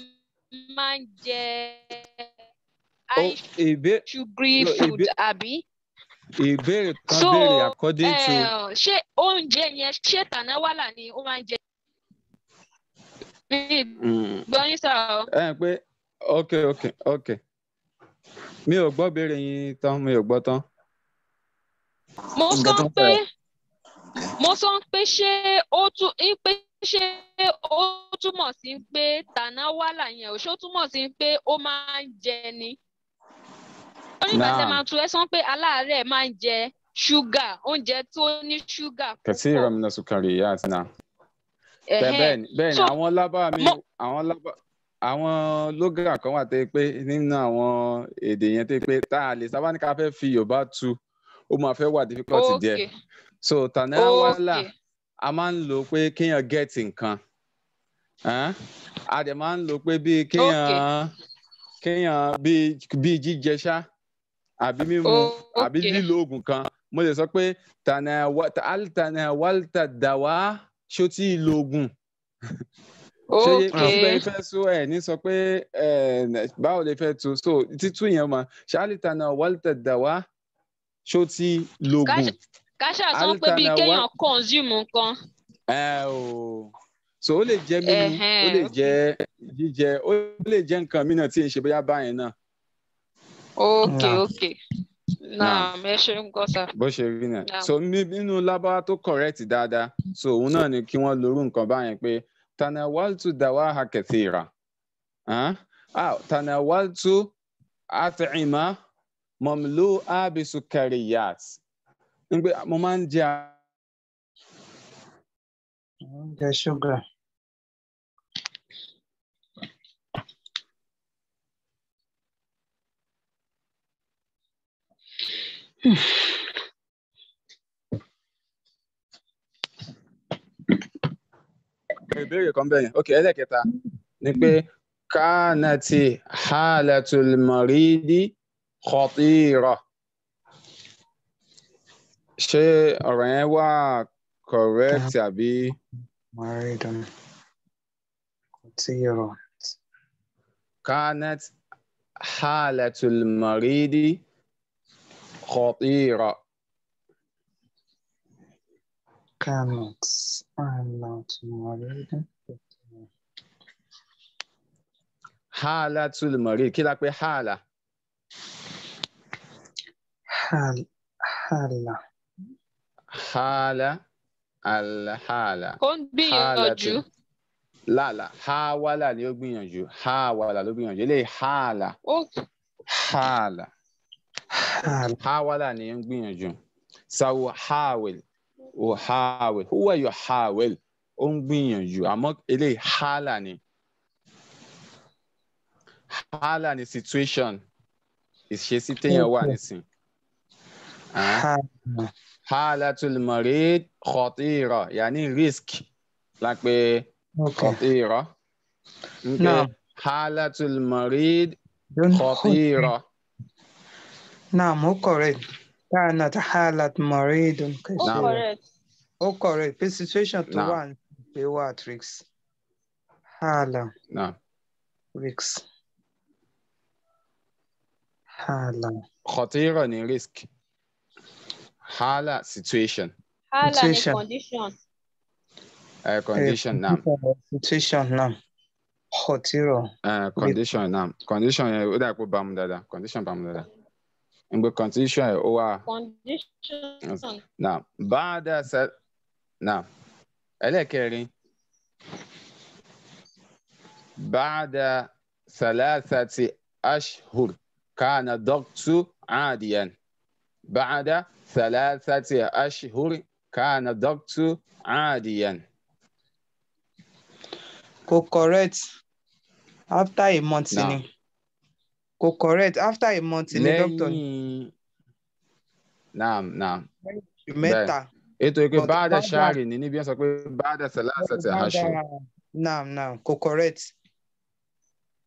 máa ń jẹ ṣugri food àbí ìbéèrè kan béèrè according eh, to. ṣé oúnjẹ yẹn ṣé tànáwálà ni ó máa ń jẹ. Hmm. gbọ́ yín sá o. ẹ ẹ pé ok ok ok mi ò gbọ́ béèrè yín tán mi ò gbọ́ tán. mo sọ pé mo sọ pé ṣé ó tún pé ṣé ó túmọ̀ sí pé tànáwálà yẹn ò ṣó túmọ̀ sí pé ó máa ń jẹ ni ṣúgà ṣe máa tu ẹ sọ pé aláàárẹ̀ máa ń jẹ ṣúgà oúnjẹ tó ní ṣúgà kẹsí ìrọmìnà sukari yá àti náà. bẹ́ẹ̀ ni bẹ́ẹ̀ ni àwọn lábá mi àwọn lábá àwọn lógà kan wà tẹ́ pé nínú àwọn èdè yẹn tẹ́ pé tá a lè sábà ní ká fẹ́ fi Yorùbá tu ó máa fẹ́ wà difficulty díẹ̀ so tànáyà wàhálà a máa ń lò pé kéèyàn get nǹkan a dẹ̀ máa ń lò pé bíi kéèyàn kéèyàn bíi jíjẹ ṣá àbí mímu oh, àbí lílo oògùn kan mo lè sọ pé tànà wàlítà dàwà ṣó tí ì lo oògùn ṣe ìfẹ́ ìfẹ́ so ẹ̀ ní sọ pé báwo lè fẹ́ tu so títú yẹn mà ṣáàlítà náà dawa dàwà ṣó tí ì lo oògùn. káṣà sọ pé bí kéèyàn consume nǹkan. ẹ o so ó lè jẹ mímu ó lè jẹ jíjẹ ó lè jẹ nǹkan mìíràn tí èyí ṣe bóyá báyẹn náà. okay okay bó ṣe rí náà so nínú lábáwá to correct dada so òun náà ni kí wọ́n lorú nǹkan báyẹn pé tanawaltu dawaha kathira tanawaltu at'ima mamlu'a bisukariyat n pé mo máa ń jẹ. oúnjẹ ṣúgà. ìbéèrè kan bẹ́ẹ̀ yẹn ok ẹlẹ́kẹta ni pé kánàtì hàlàtúlmọ̀rídì kọ̀tìrọ̀ ṣé ọ̀rọ̀ yẹn wà correct àbí. kánàtì hàlàtúlmọ̀rídì. خطيرة كانت علت مريضا حالة المريض كده كوي حالة حال حالة حالة الحالة كون بي يوجو لا لا حاول لو بيانجو حاول لو ليه حالة حالة حاول أن ينبينجو سو حاول وحاول هو يحاول أنبينجو أما إلي حالاني حالاني situation ìṣesí téèyàn wà nísìn halatul marid khatira yani risk la pé khatira nke halatul marid khatira. نعم هو correct halat حالة مريض كثير نعم. correct هو correct في situation نعم. one بواتريكس حالة نعم ريكس حالة خطيرة ريسك حالة situation حالة situation. condition uh, condition eh, نعم situation نعم خطيرة uh, condition نعم condition يقول condition بامدادا condition بامدادا mgbe condition ẹ ụwa na baada sa na ẹlẹ́kẹrin baada salasati ashhur kana dọ́kítù adiyan baada salasati ashhur kana dọ́kítù adiyan. kò correct after a month ni. No kò correct after a month ni doctor. lẹ́yìn naam naam mẹ́ta. ètò ìpè báàdà ṣáàrì ní níbi ẹ̀ sọ pé báàdà sàlásà ti àṣù. naam naam kò correct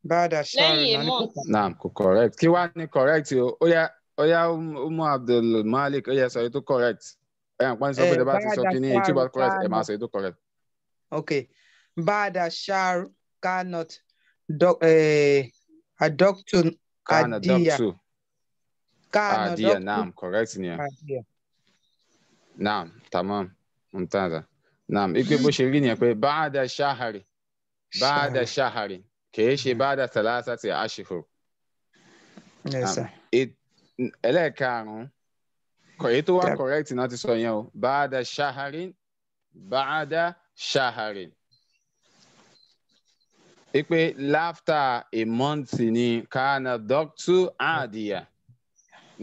báàdà ṣáàrì náà ni kò correct. naam kò correct kí wàá ní correct o ó um, umu abdul malik ó yá sọ ètò correct ẹ̀ ń pọ́n sọ pé eh, bá ti sọ kí ètò bá correct ẹ̀ máa sọ ètò correct. ok báàdà ṣáàrì cannot. Do, eh, Adoktu Kana Adia. Kana Adia, adoktu. naam, correct niya. Naam, tamam. Mumtaza. Naam, ipe bó shirini ya kwe baada shahari. Baada shahari. Keeshi mm-hmm. baada thalasa thalathati ashhur. Yes sir. Ẹlẹ́ẹ̀karùn-ún Kwa tó wá correct náà ti sọ yẹn o ba'da shaharin ba'da ipe lafta ìmọ̀ǹtì ni kánà dọ́kítù àdìyà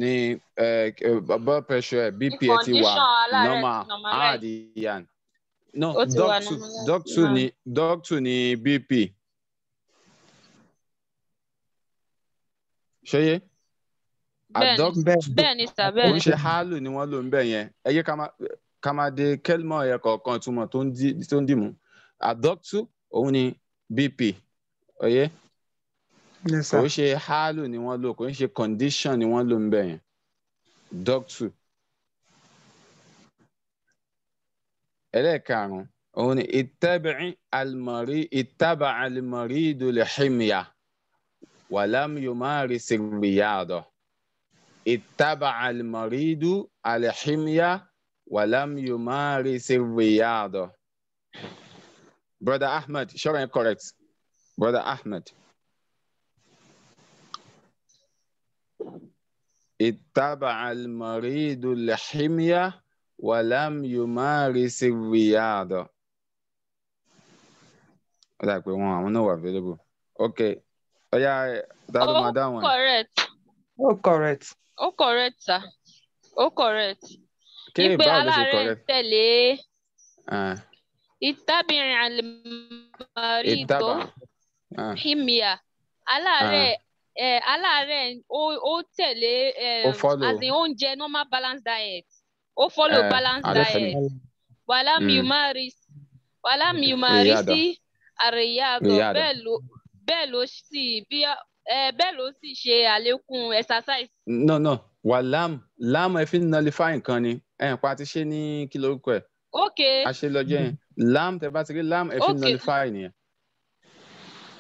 ni blood pressure bp ẹ ti wà normal àdìyà no doctor ni doctor ni bp. ṣeye bẹ́ẹ̀ ni sà bẹ́ẹ̀ ni. ó ṣe hálù ni wọ́n lò ń bẹ̀ yẹn ẹ yé ká de kẹ́lmọ̀ ẹ̀ kọ̀ọ̀kan túmọ̀ tó ń dìmú àdọ́kítù òun ni bp oyè kò ń ṣe hálù ni wọ́n lò kò ń ṣe condition ni wọ́n lò ń bẹ̀ yẹn doctu ẹlẹ́ẹ̀karùn-ún òun ni ìtẹ́bìrín alimọ̀rí ìtàbà alimọ̀rí ìdòlè hìmìyà wàlám yomari sèrìyàdọ̀ ìtàbà alimọ̀rí ìdù alẹ́hìmìyà wàlám yomari sèrìyàdọ̀. Brother Ahmed, sure and correct. Brother Ahmed. اتبع المريض الحمية ولم يمارس الرياضة. That we want, I'm not available. Okay. Oh, yeah, that oh, madam one. Correct. Oh, correct. Oh, correct, sir. Oh, correct. Okay, Ipe aláàárẹ̀ tẹ̀lé ìtàbírin àlùmọ́rìdò himia aláàárẹ̀ ah. aláàárẹ̀ ó tẹ̀lé as in oúnjẹ normal balanced diet ó follow eh, balanced diet wàhálà miumaris wàhálà miumarisi àríyàdọ̀ bẹ́ẹ̀ ló sì bí bẹ́ẹ̀ ló sì ṣe àlékún exercise. no no wà lam lam ẹ fi nullify ni ẹ̀ pa ti ṣe ní kí lórúkọ ẹ̀. ok a ṣe lọ́jọ́ yẹn lam tẹ bá ti rí lam ẹ fi nullify nìyẹn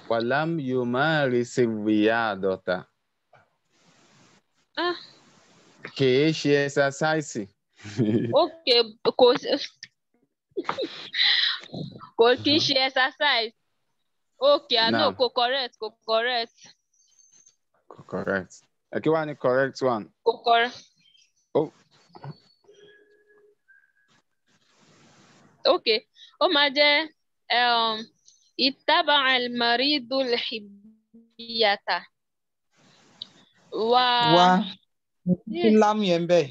wà lam yóò máa rí sí riyadota ah. kìí ṣe ẹsasáìsì. ok kò kò kì í ṣe exercise ok i know kò correct kò correct. kò correct ẹ kí wàá ní correct one. kò correct. Oh. ok ó máa jẹ́ um, ìtàbà àlùmọ́rídù lẹ́hìbíyàtà. Wà á kí lámù yẹn bẹ́ẹ̀.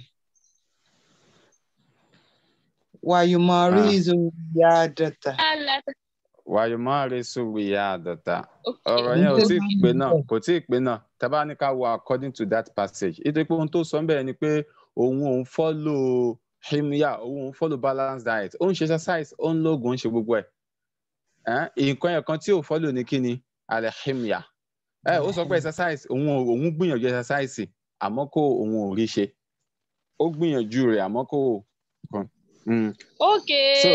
Wàyùmọ̀rísù ah. wíyádọ́ta. Wàyùmọ̀rísù wíyádọ́ta. Ọ̀rọ̀ yẹn ò tí ì pé náà, kò tí ì pé náà. Tábà ní ká wọ according to that passage. Ètò ìpé ohun tó sọ ń bẹ̀rẹ̀ ni pé òun òun follow Him ya, òun follow balance diet ó ṣe exercise ó ń lóògùn ń ṣe gbogbo ẹ̀ nǹkan yẹn kan tí ò follow ní kíni alẹ́ himniya ẹ ó sọ pé exercise òun òun gbìyànjú exercise àmọ́ kó òun ò rí ṣe ó gbìyànjú rẹ̀ àmọ́ kó kàn. Hmm. ok so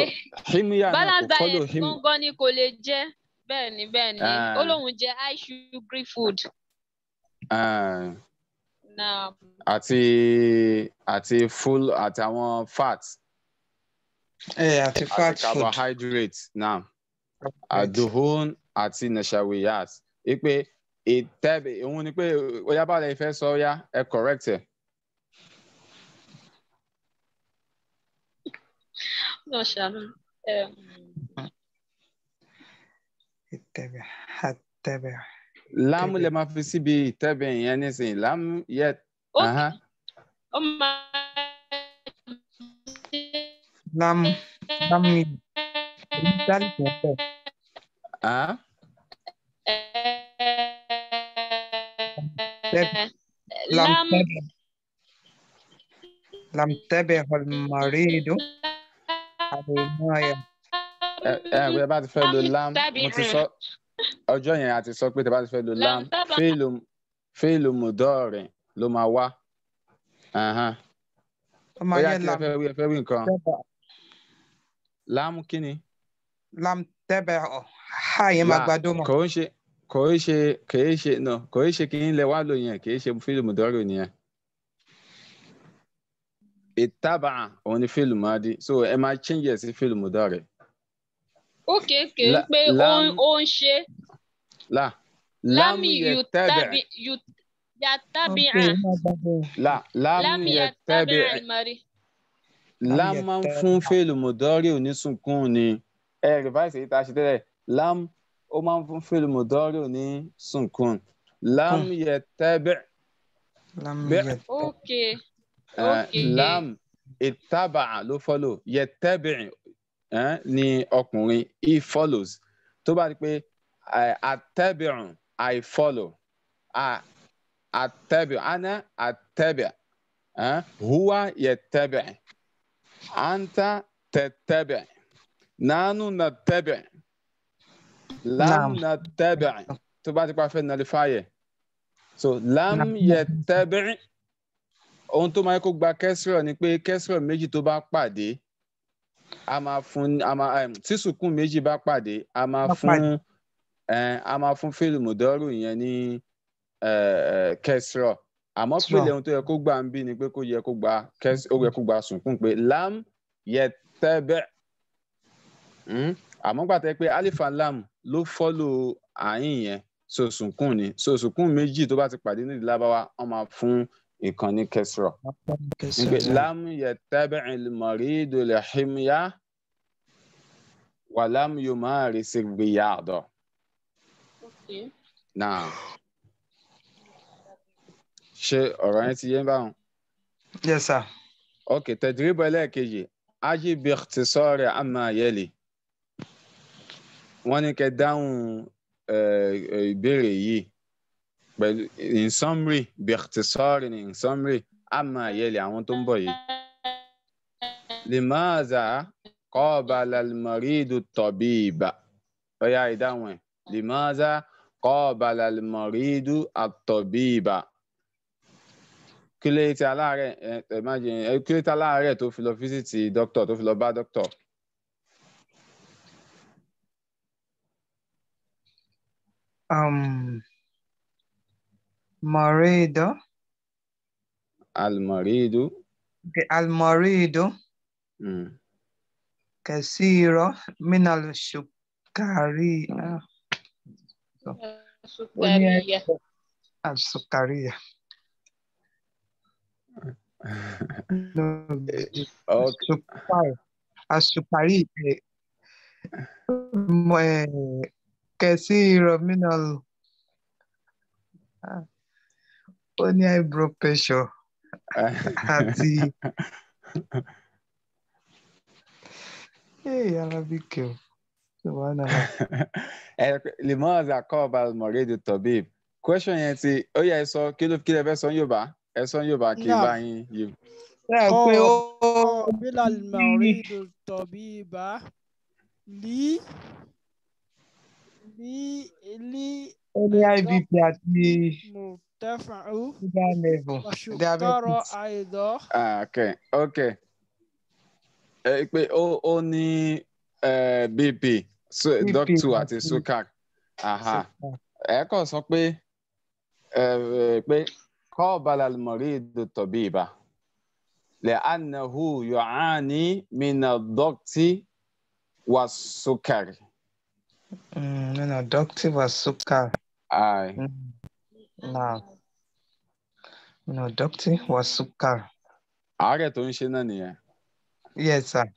himniya náà kò diet gangan ni kò lè jẹ bẹ́ẹ̀ ni bẹ́ẹ̀ ni ó lóun jẹ high sugary food. Uh, àti àti full àti àwọn fat. ẹ àti fat food àti carbohydrate náà àdùhún àti nashawiyat ipe ìtẹ́bẹ̀ òun ni pé ọyá bá lè fẹ́ sọ ọyá ẹ correct ẹ. ìtẹ̀bẹ̀ um, àtẹ̀bẹ̀. لام لما في سي بي تابع يعني سي لام يت اها لام لام اه لم لم تبه المريض العناية آه بعد فعل اللام متصل ọjọ́ yẹn a ti sọ pé tẹ́ bá ti fẹ́ lo lam fíìlù mùdọ́ọ̀rìn ló máa wá. ọmọ yẹn lam bóyá kí ẹ fẹ́ wí nǹkan. lam kí ni. lam tẹ́bẹ̀ ọ̀ ha yẹn máa gbàdó mọ̀. kò ń ṣe kò ń ṣe kò ń ṣe no kò ń ṣe kí n lẹ wá lò yẹn kì í ṣe fíìlù mùdọ́ọ̀rìn nìyẹn. ìtàbà òun ni fíìlù máa di so ẹ máa change ẹ sí fíìlù mùdọ́ọ̀rìn. ó kéèké pé ó ń ṣe. لا لم يتبع يتبع لا لم يتبع المريض لم fún fèlù mọ̀dọ́rì onísunkún ni ẹ rìváìsì yìí tá a ṣe tẹ́lẹ̀ lam ó máa ń fún fèlù mọ̀dọ́rì onísunkún lam hmm. yẹ tẹ́bẹ̀. ok eh, ok lam ìtàbà ló fọ́lò yẹ tẹ́bẹ̀ ni ọkùnrin he follows tó bá di pé I attabi'u, I follow. I attabi'u, ana attabi'u. Uh, huwa yattabi'u. Anta tattabi'u. Nanu nattabi'u. Lam nattabi'u. Tó bá ti pa fẹ́ nalifáyẹ̀. So, lam yattabi'u. Ohun tó máa kó gba kẹ́sìrọ̀ ni pé kẹ́sìrọ̀ méjì tó bá pàdé a máa fún a máa tí sùkún méjì bá pàdé a máa fún Eh, a máa fún fílù mùdọ́rù yẹn ní eh, eh, kẹsìrọ̀ àmọ́ pèlè ohun tó yẹ kó gbà ń bí ni pé kó yẹ kó gba ó yẹ kó gba sùnkún pé lam yẹ tẹ́bẹ̀ hmm? àmọ́ gbàtẹ́ pé alifa lam ló fọ́lò àyìn yẹn so sùnkún ni so sùnkún méjì tó bá ti pàdé nídìí lábáwá wọ́n máa fún ìkànnì kẹsìrọ̀ nígbè lam yẹ tẹ́bẹ̀ ìmọ̀rí ìdòlẹ̀ himya wàlámù yóò máa rí sí gbìyà náà ṣe ọ̀rọ̀ yẹn ti yé báwọn. yes sir. ok tẹ̀dírìbọ̀ ẹlẹ́ẹ̀kejì ajib ikhtisari amma yali wọ́n ní kẹ́ dáhùn ìbéèrè yìí pẹ̀lú in summary bi ikhtisari ni in summary amma yali àwọn tó ń bọ̀ yìí. limaza qabala al maridu tabiba ọ̀yà ìdáhùn ẹ̀ limaza. قابل المريض maridu at-tabiba kílé tí aláàárẹ̀ ẹ má jẹ ẹ kílé tí aláàárẹ̀ tó fi lọ fíṣítì dókítà tó fi lọ bá dókítà. Um, marido. Al-maridu. Al-maridu. Uh. So, Azucarilla. Azucarilla. no, eh, okay. Azucarilla. Cassie Rominal. Ó ní high blood pressure àti Hey, I'll be careful. limon zakor balmorede tobib question yẹn ti ó yẹ ẹ sọ kí ló kí lè fẹ́ sọ yorùbá ẹ sọ yorùbá kí n bá yín yìí. ọ̀ọ́ bilal moridu tobiba li li li. ẹni IVP àti mutafa'u ṣùkọ́rọ̀ àìdọ́. ok ok ẹ pé ó ní bp so doc two àti sukak aha ẹ kọ sọ pé pé kọ́ balal marid tabiba li'annahu yu'ani min ad-daqti wa sukari. Mm, min ad-daqti wa sukari. ayi. Mm, naa min ad wa sukari. àárẹ̀ tó ń ṣe náà nìyẹn. yes sir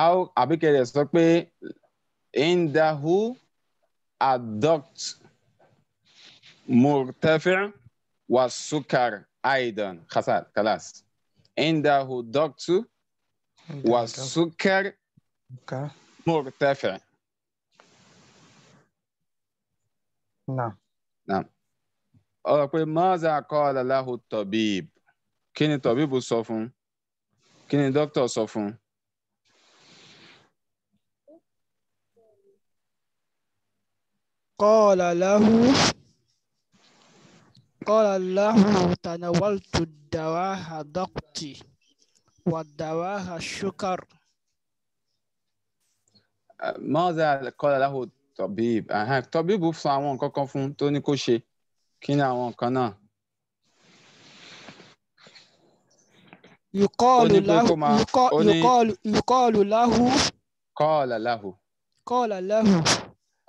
aw àbíkẹ́rẹ́ sọ pé indahu adopt murtafi wa sukar aidan khasal kalas indahu doktu wa sukar murtafi. Naam. Naam. Ọ̀rọ̀ pé Mọ́za qala lahu tabib. Kí ni tọ̀bíbù sọ fún? Kí ni dókítà sọ fún? قال له قال له تناولت الدواء ضغطي والدواء السكر ماذا قال له الطبيب الطبيب fún àwọn nǹkan kan fún tó ní kó ṣe يقال له يقال يقال له قال له قال له.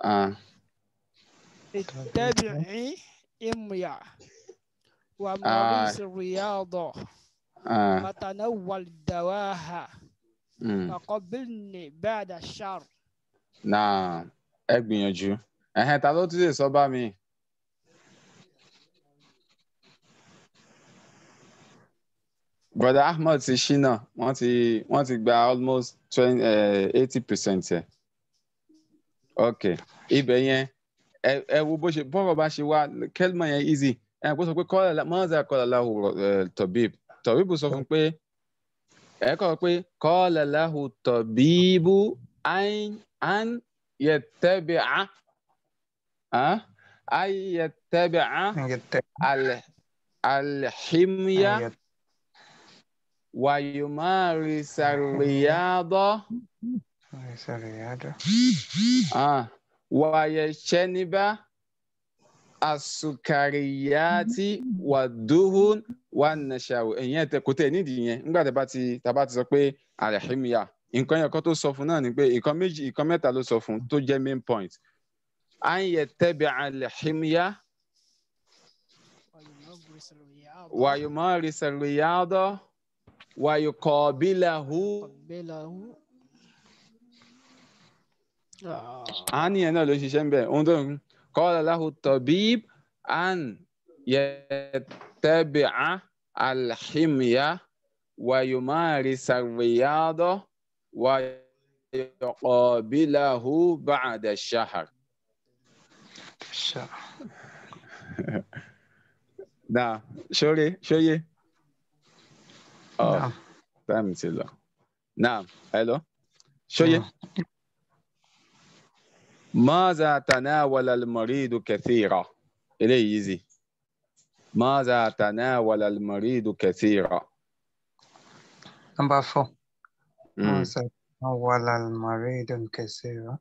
آه. اتبعي اميا ومارس الرياضة وتنول دواها وقبلني بعد الشر نعم ẹ gbìyànjú ẹhẹn ta ló tún Brother sọ bá mi. broda ahmed ti ṣínà wọn ti wọn ti gba almost twenty eh, eighty percent ẹ Okay. ibẹ̀ yẹn وبش بقى باشي وا كلمة يا إيزي بس هو كولا لا ماذا كولا له طبيب طبيب بس هو كولا كولا له طبيب أين أن يتبع أه أي يتبع ال الحمية ويمارس الرياضة ويمارس الرياضة آه ويجتنب asukariyaati waduhun wanashawo ìyẹn tẹ kò tẹ nídìí yẹn nígbà tá a bá ti sọ pé alihimiya nǹkan yẹn kan tó sọ fún náà ni pé nǹkan méjì nǹkan mẹ́ta ló sọ fún tó jẹ́ main point à ń yẹ tẹ́bi alihimiya wàyùmọ́ rìsàlùyàdọ́ wàyùkọ̀ọ́bílàhù. أني أنا لو شيشنبه انظر قال له الطبيب أن يتبع الحمية ويمارس الرياضة ويقابله بعد الشهر نعم شوري شوية نعم تمام نعم الو شوية ماذا تناول المريض كثيرا إلي يزي ماذا تناول المريض كثيرا نمبر فور ماذا تناول المريض كثيرا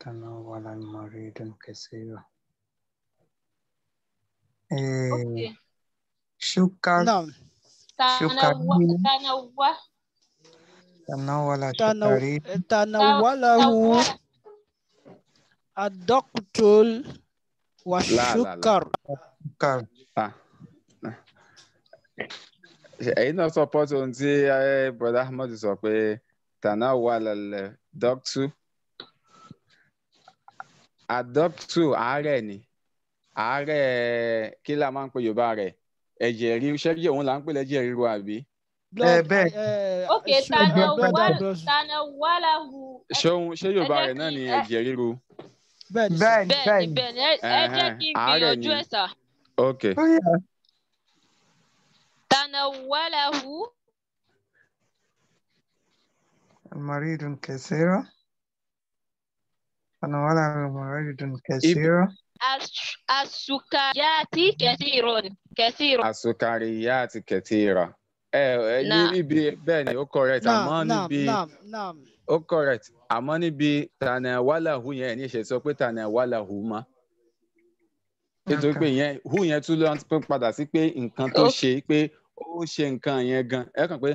تناول المريض كثيرا شكرا إيه، شكرا نعم. تناول تناول الشريف تناوله الدكتور والسكر السكر ẹ̀yin náà support ohun tí eh, brother ahmed sọ pé eh, tanawala dọ́kítù àdọ́kítù àárẹ̀ ni àárẹ̀ kí la máa ń pe yorùbá rẹ̀ ẹ̀jẹ̀ ríru ṣẹ́jẹ̀ òun là ń pè lẹ́jẹ̀ ríru àbí Eh, eh, ok eh, tanawalahu. ṣé yorùbá rẹ̀ náà ni ẹ̀jẹ̀ ríru. bẹ́ẹ̀ni bẹ́ẹ̀ni bẹ́ẹ̀ni ẹ jẹ́ kí n gbìyànjú ẹ̀ sà. ok. tanawalahu. مريض كثيرا تناوله مريض كثيرا السكريات كثير كثير السكريات كثيرة ẹ ẹ níbi bẹ́ẹ̀ ni ó correct àmọ́ níbi ó correct àmọ́ níbi tànà wàláhù yẹn ní ìṣẹ̀ sọ pé tànà wàláhù mọ́ nítorí pé yẹn hù yẹn tún lọ padà sí pé nǹkan tó ṣe pé ó ṣe nǹkan yẹn gan ẹ kàn pé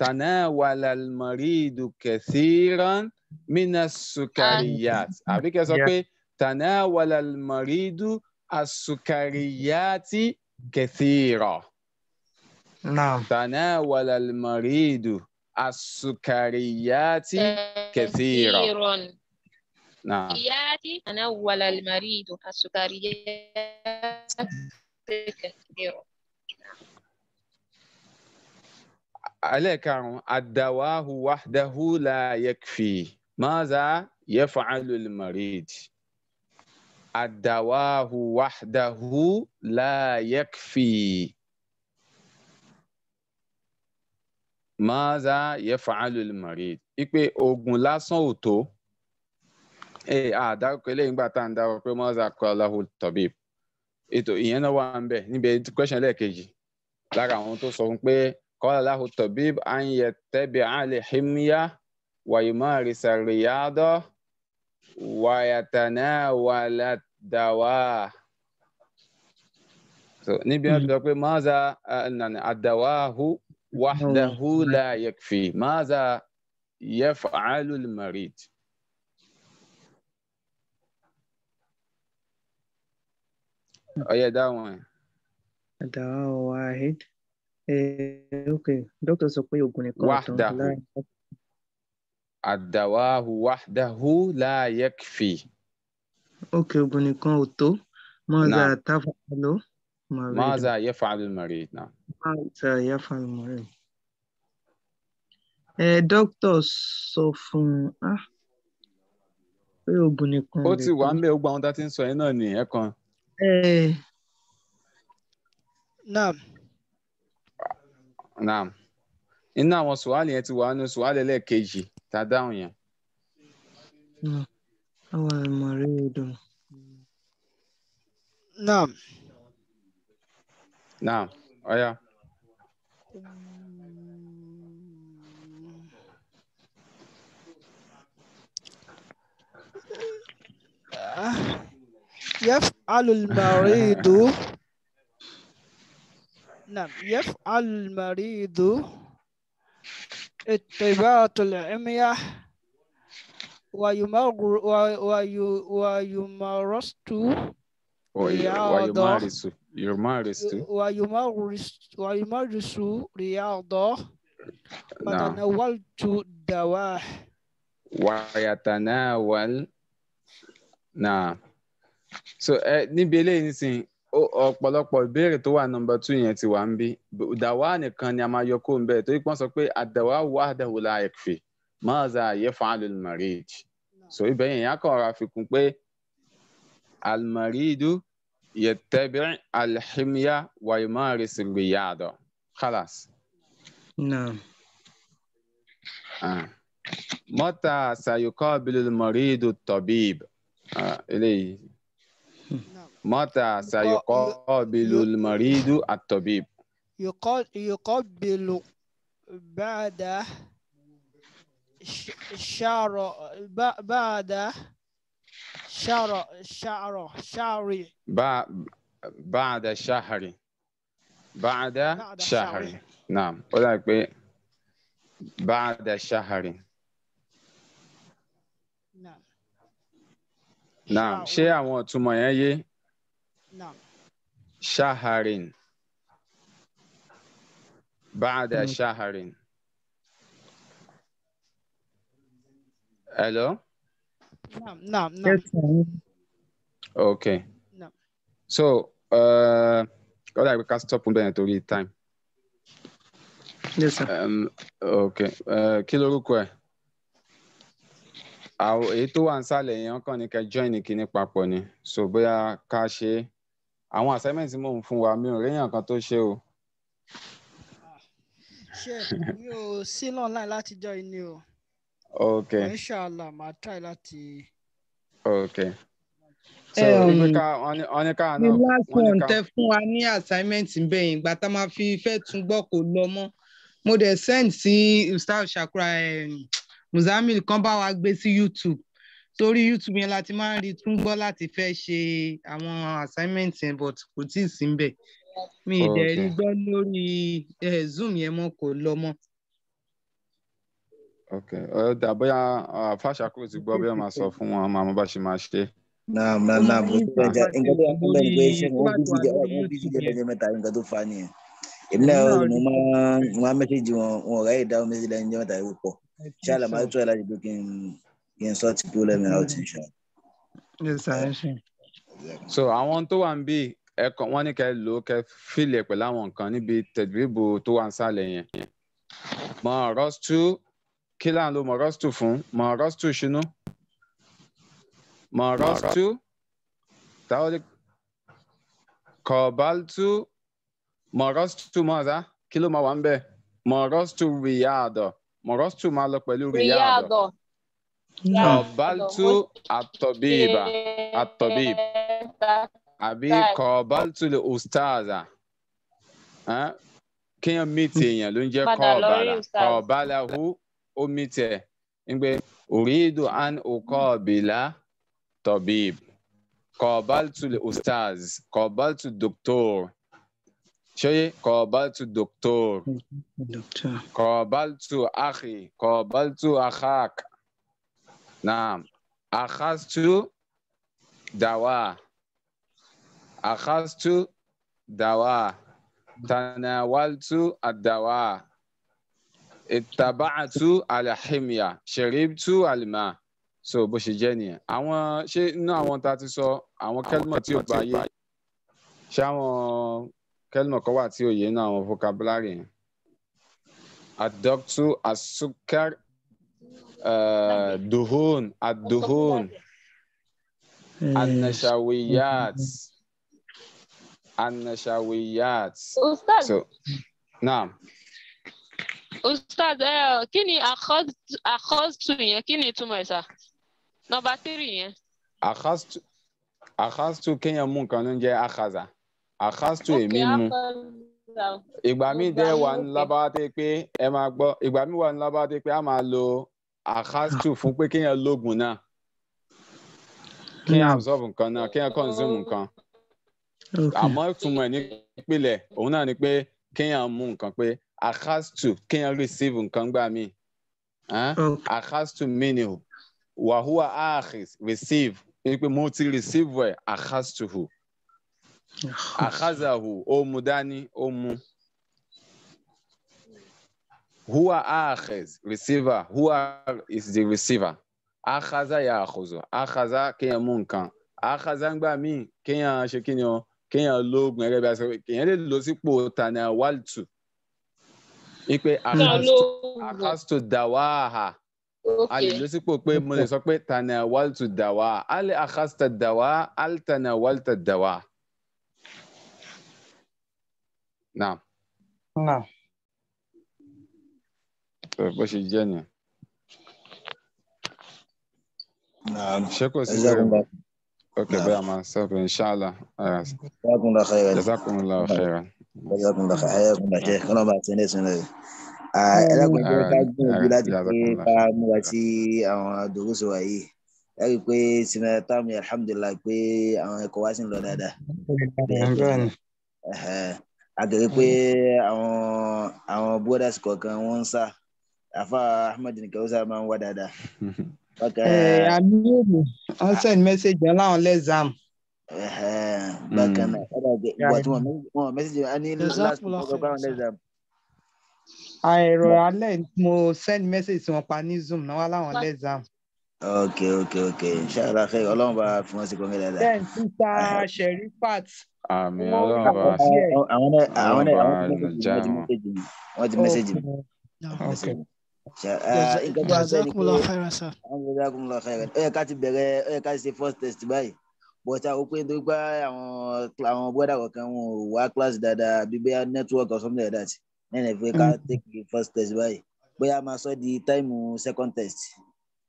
tànà wàlàmọ̀rìdù kẹsìrán mina sukariyat ah. àbí kẹ sọ pé tànà wàlàmọ̀rìdù asukariyati kẹsìrán. نعم تناول المريض السكريات كثيرا نعم تناول المريض السكريات كثيرا عليك الدواء وحده لا يكفي ماذا يفعل المريض الدواء وحده لا يكفي maza yaf'alu al-marid ipe oògùn lásán ò tó ee àdárúkọ eléyìí ńgbà tá à ń dárúkọ pé maza qalahu tabib ètò ìyẹn náà wà ń bẹ níbi question lẹ́ẹ̀kejì lára àwọn tó sọ fún pé qalahu tabib an yattabi'a al-himya wa yumarisa riyada wa yatanawala ad-dawa níbi wọn sọ pé maza àdáwáhu. وحده لا يكفي ماذا يفعل المريض أي دواء دواء واحد إيه، أوكي دكتور سوكوي وحده الدواء وحده لا يكفي أوكي بنيكون أوتو ماذا نعم. تفعل مريض. ماذا يفعل المريض نعم ماذا يفعل المريض dókítà sọ fún un ti wà ń bẹ gbogbo àwọn tá ń sọ yẹn náà nìyẹn kan. naam. naam àwọn sùwálì yẹn ti wà nínú sùwálì ẹlẹ́ẹ̀kejì tá a dáhùn yẹn. naam. نعم أيا يفعل المريض نعم يفعل المريض اتباط العمية ويمر ويمارست ويمارس يمارس ويمارس ويمارس رياضة وتناولت الدواء ويتناول نعم so ẹ níbi eléyìí nísìn ọ̀pọ̀lọpọ̀ ìbéèrè tó wà nọ́mbà two yẹn ti wà ń bí dàwa nìkan ni a máa yọ kó ń bẹ̀ torí pọ́n sọ pé àdàwa wà dàwọ̀ la ẹ̀fẹ̀ máa za àyè fún alùmọ̀rìd so ibẹ̀ yẹn yẹn kàn ra fi kún pé alùmọ̀rìdù يتبع الحمية ويمارس الرياضة خلاص نعم آه. متى سيقابل المريض الطبيب آه. إليه متى سيقابل المريض الطبيب يقابل بعد شهر بعد شعر شعر شعري بعد شهر بعد, بعد شهر. شهر نعم ولا بعد شهر نعم نعم ṣé àwọn ìtumọ̀ yẹn yé ṣaharin báàdà No, no, no. Okay. No. So, uh, all right, we can stop on there torí time. Yes, sir. Um, okay. Uh, kí lorúkọ ẹ? Àwọn èyí tó wà ń sálẹ̀ èèyàn kàn ní kẹ́ join kínní papọ̀ ni. So bóyá ká ṣe àwọn assignment mò ń fún wa mi ò réyàn kan tó ṣe o. Ah, ṣé mi ò sí lọ́nà láti jọ ìní o okay inshallah máa try láti. okay so ìgbéka wọn ní káà náà. tẹ fún wa ní assignment bẹ́ẹ̀ yẹn ìgbà tá a máa fi fẹ́ tún gbọ́ kó lọ mọ́ mo dẹ̀ send sí ustaz shakura muzamil kan bá wa gbé sí youtube torí youtube yẹn láti máa ń rí tún gbọ́ láti fẹ́ ṣe àwọn assignment yẹn but kò tí ì sí níbẹ̀ mi ì dẹ̀ rí gbọ́ lórí eh, zoom yẹn mọ́ kò lọ mọ́ ok ọ̀dà bóyá fàṣàkó ti gbọ́ bóyá máa sọ fún wọn máa mọ bá ṣe máa ṣe. náà náà náà bó ti gbẹjà nǹkan tó yà fún bẹ́ẹ̀ gbé ṣé wọ́n bí ti jẹ wọ́n bí ti jẹ lọ́jọ́ mẹ́ta nǹkan tó fa nìyẹn. èmi náà mo máa mo máa mẹ́sẹ̀jì wọn wọn ọ̀rẹ́ ìdáwọ́ mẹ́sẹ̀jì lẹ́yìn ọjọ́ mẹ́ta yóò pọ̀ ṣé àlàmà tó yà láti gbé kí n kí n sọ́ọ̀tì problem out mm. inshallah. so àwọn tó wà ń bí ẹ̀kọ́ wọn ní kẹ́ lò kẹ́ fìlẹ̀ pẹ̀lú àwọn nǹkan níbi tẹ̀gbìbò tó wà ń sàlẹ̀ yẹn. mọ rọ́stú kí là ń lo mọ̀rọ́stù fún mọ̀rọ́stù ṣínú mọ̀rọ́stù táwọn kọ̀ọ̀báltù mọ̀rọ́stù mọ̀ọ́dá kí ló máa wà ń bẹ̀ mọ̀rọ́stù rìyàdọ̀ mọ̀rọ́stù máa lọ pẹ̀lú rìyàdọ̀ kọ̀ọ̀báltù àtọ̀bíìbà àtọ̀bíìbà àbí kọ̀ọ̀báltù lè ustaza kéèyàn mìtì èèyàn ló ń jẹ́ kọ̀ọ̀bálà kọ̀ọ̀bálà hu omi tiẹ̀ ń gbé uridu an uqabila tabib qabaltu ustaz qabaltu doctor ṣeye qabaltu doctor qabaltu akhi qabaltu akhak naam akhastu dawa akhastu dawa tanawaltu ad-dawa ìtàbàtú àlàhìmíà ṣèrìbtú àlìmá so bó ṣe jẹ́ nìyẹn àwọn ṣé inú àwọn tá a ti sọ àwọn kẹlmọ̀ tí ò bá yé ṣé àwọn kẹlmọ̀ kan wà tí ò yé nínú àwọn vocabulary yẹn adọ́tú asukar eh, duhun aduhun anashawiyat anashawiyat so naam. Ustaz ẹ eh, ọ kí ni àkọ́sùtù yẹn kí ni ìtumọ̀ ẹ̀ sá? Nọmba tírì yẹn. Àkọ́sùtù kéèyàn mú nǹkan ló ń jẹ́ àkàzà. Àkọ́sùtù èmi mú. Ìgbà míì dẹ́ wà ní lábáwá tó pé ẹ máa gbọ́. Ìgbà míì wà ní lábáwá tó pé a máa lo àkọ́sùtù fún pé kéèyàn lóògùn náà. Kéèyàn absorb nǹkan náà, kéèyàn consume nǹkan. Àmọ́ ìtumọ̀ ẹ̀ ní òun náà ni pé kéèyàn mú nǹkan pé akhastu kéèyàn receive nǹkan gbà mí akhastu minhu wàhùwà akhis receive wípé mo ti receive ẹ akhastuhu akhazahu ó o mudani o mu huwa akhis receiver huwa is the receiver akhaza ya akhuzu akhaza kéèyàn mú nǹkan akhaza ń gbà mí kéèyàn ṣe kí ni o kéèyàn lóògùn ẹgẹ bí a sọ pé kéèyàn lè lọ sípò tani awaltu ipe akastu dawaha a lè lọ sípò pé mo lè sọ pé tanawaltu dawa ali akasta dawa al tanawalta dawa. Naam. Naam. Sọ bó ṣe jẹ́ nìyẹn. Naam. Ṣé kò sí ṣe? Ok, bẹ́ẹ̀ a máa sọ̀rọ̀ inṣàlá. Jazakumullahu khairan lọ́jọ́ tó ń lọ́kà ayé ẹ̀kún bàjẹ́ kọ́nà bá ti ní ẹ̀sìn lọ́yọ̀. ẹlẹ́kùn jẹ́ ká gbìyànjú láti pé ká múra sí àwọn i pé sinmi táàmù alhamdulilayi pé àwọn ẹ̀kọ́ wa sì ń lọ dáadáa. àgẹ̀rẹ̀ pé àwọn àwọn brothers kọ̀ọ̀kan wọ́n ń sá àfa ahmed nìkan ó sábà máa ń wá dáadáa. àmì yóò mú wọn send message aláwọn lẹ́sàmù bákan náà ìgbà tí wọ́n mẹ́sàgì a ní last program lẹ́sà. àìrọ̀ alẹ́ mo send message wọn pa ní zoom náà wá láwọn lẹ́sà. ok ok ok inshallah khair ọlọ́run bá fi wọ́n sí kọ́ńgẹ́ dáadáa. then sísá sherifat. àmì ọlọ́run bá àwọn náà àwọn náà àwọn ti mẹ́sàgì mi wọ́n ti mẹ́sàgì mi. Ah, ah, nǹkan tó ń sẹ́ni bọ́tà ó pé nítorí pé àwọn àwọn bọ́dà kọ̀ọ̀kan wọn ò wá class dáadáa bí bóyá network or something like that Then lè fi ká take the first test báyìí bóyá a máa sọ di táìmù second test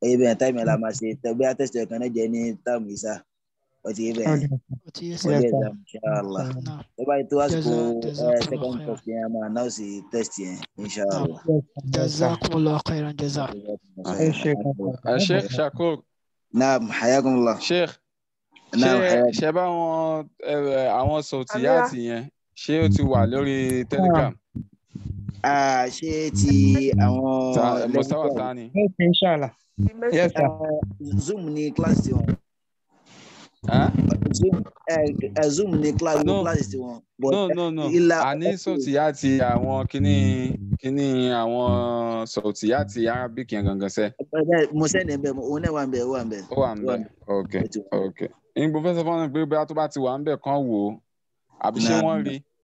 oye bẹ́ẹ̀ táìmù ẹ̀ la máa ṣe bóyá test ẹ̀ kan náà jẹ́ ní táìmù ìsà ọtí yé bẹ́ẹ̀ ọtí yé sá inṣàlá ẹ báyìí tó àsìkò second test yẹn a máa náà sì test yẹn inṣàlá. jazakumullahu khairan jaza. sheikh shakur. naam hayakumullah. sheikh. Eh, ṣe bá wọn eh, àwọn sọtìyàtì yẹn ṣé ó ti wà lórí telegram. Ah, ṣé ti àwọn eh, Mustawa Sani. yes sir. zoom ni class ti wọn. zoom zoom ni class ti wọn. no no no àní sọtìyàtì àwọn kíní kíní àwọn sọtìyàtì arabic yẹn gangan sẹ. mo sẹ́ni ẹ̀ bẹ́ẹ̀ mo òun náà wà ń bẹ̀ wà ń bẹ̀. ó wà ń bẹ̀ ok ok ìgbò fẹsẹ̀ fọ́nà pé bóyá tó bá ti wà ń bẹ̀ kán wò ó àbí ṣé wọ́n rí i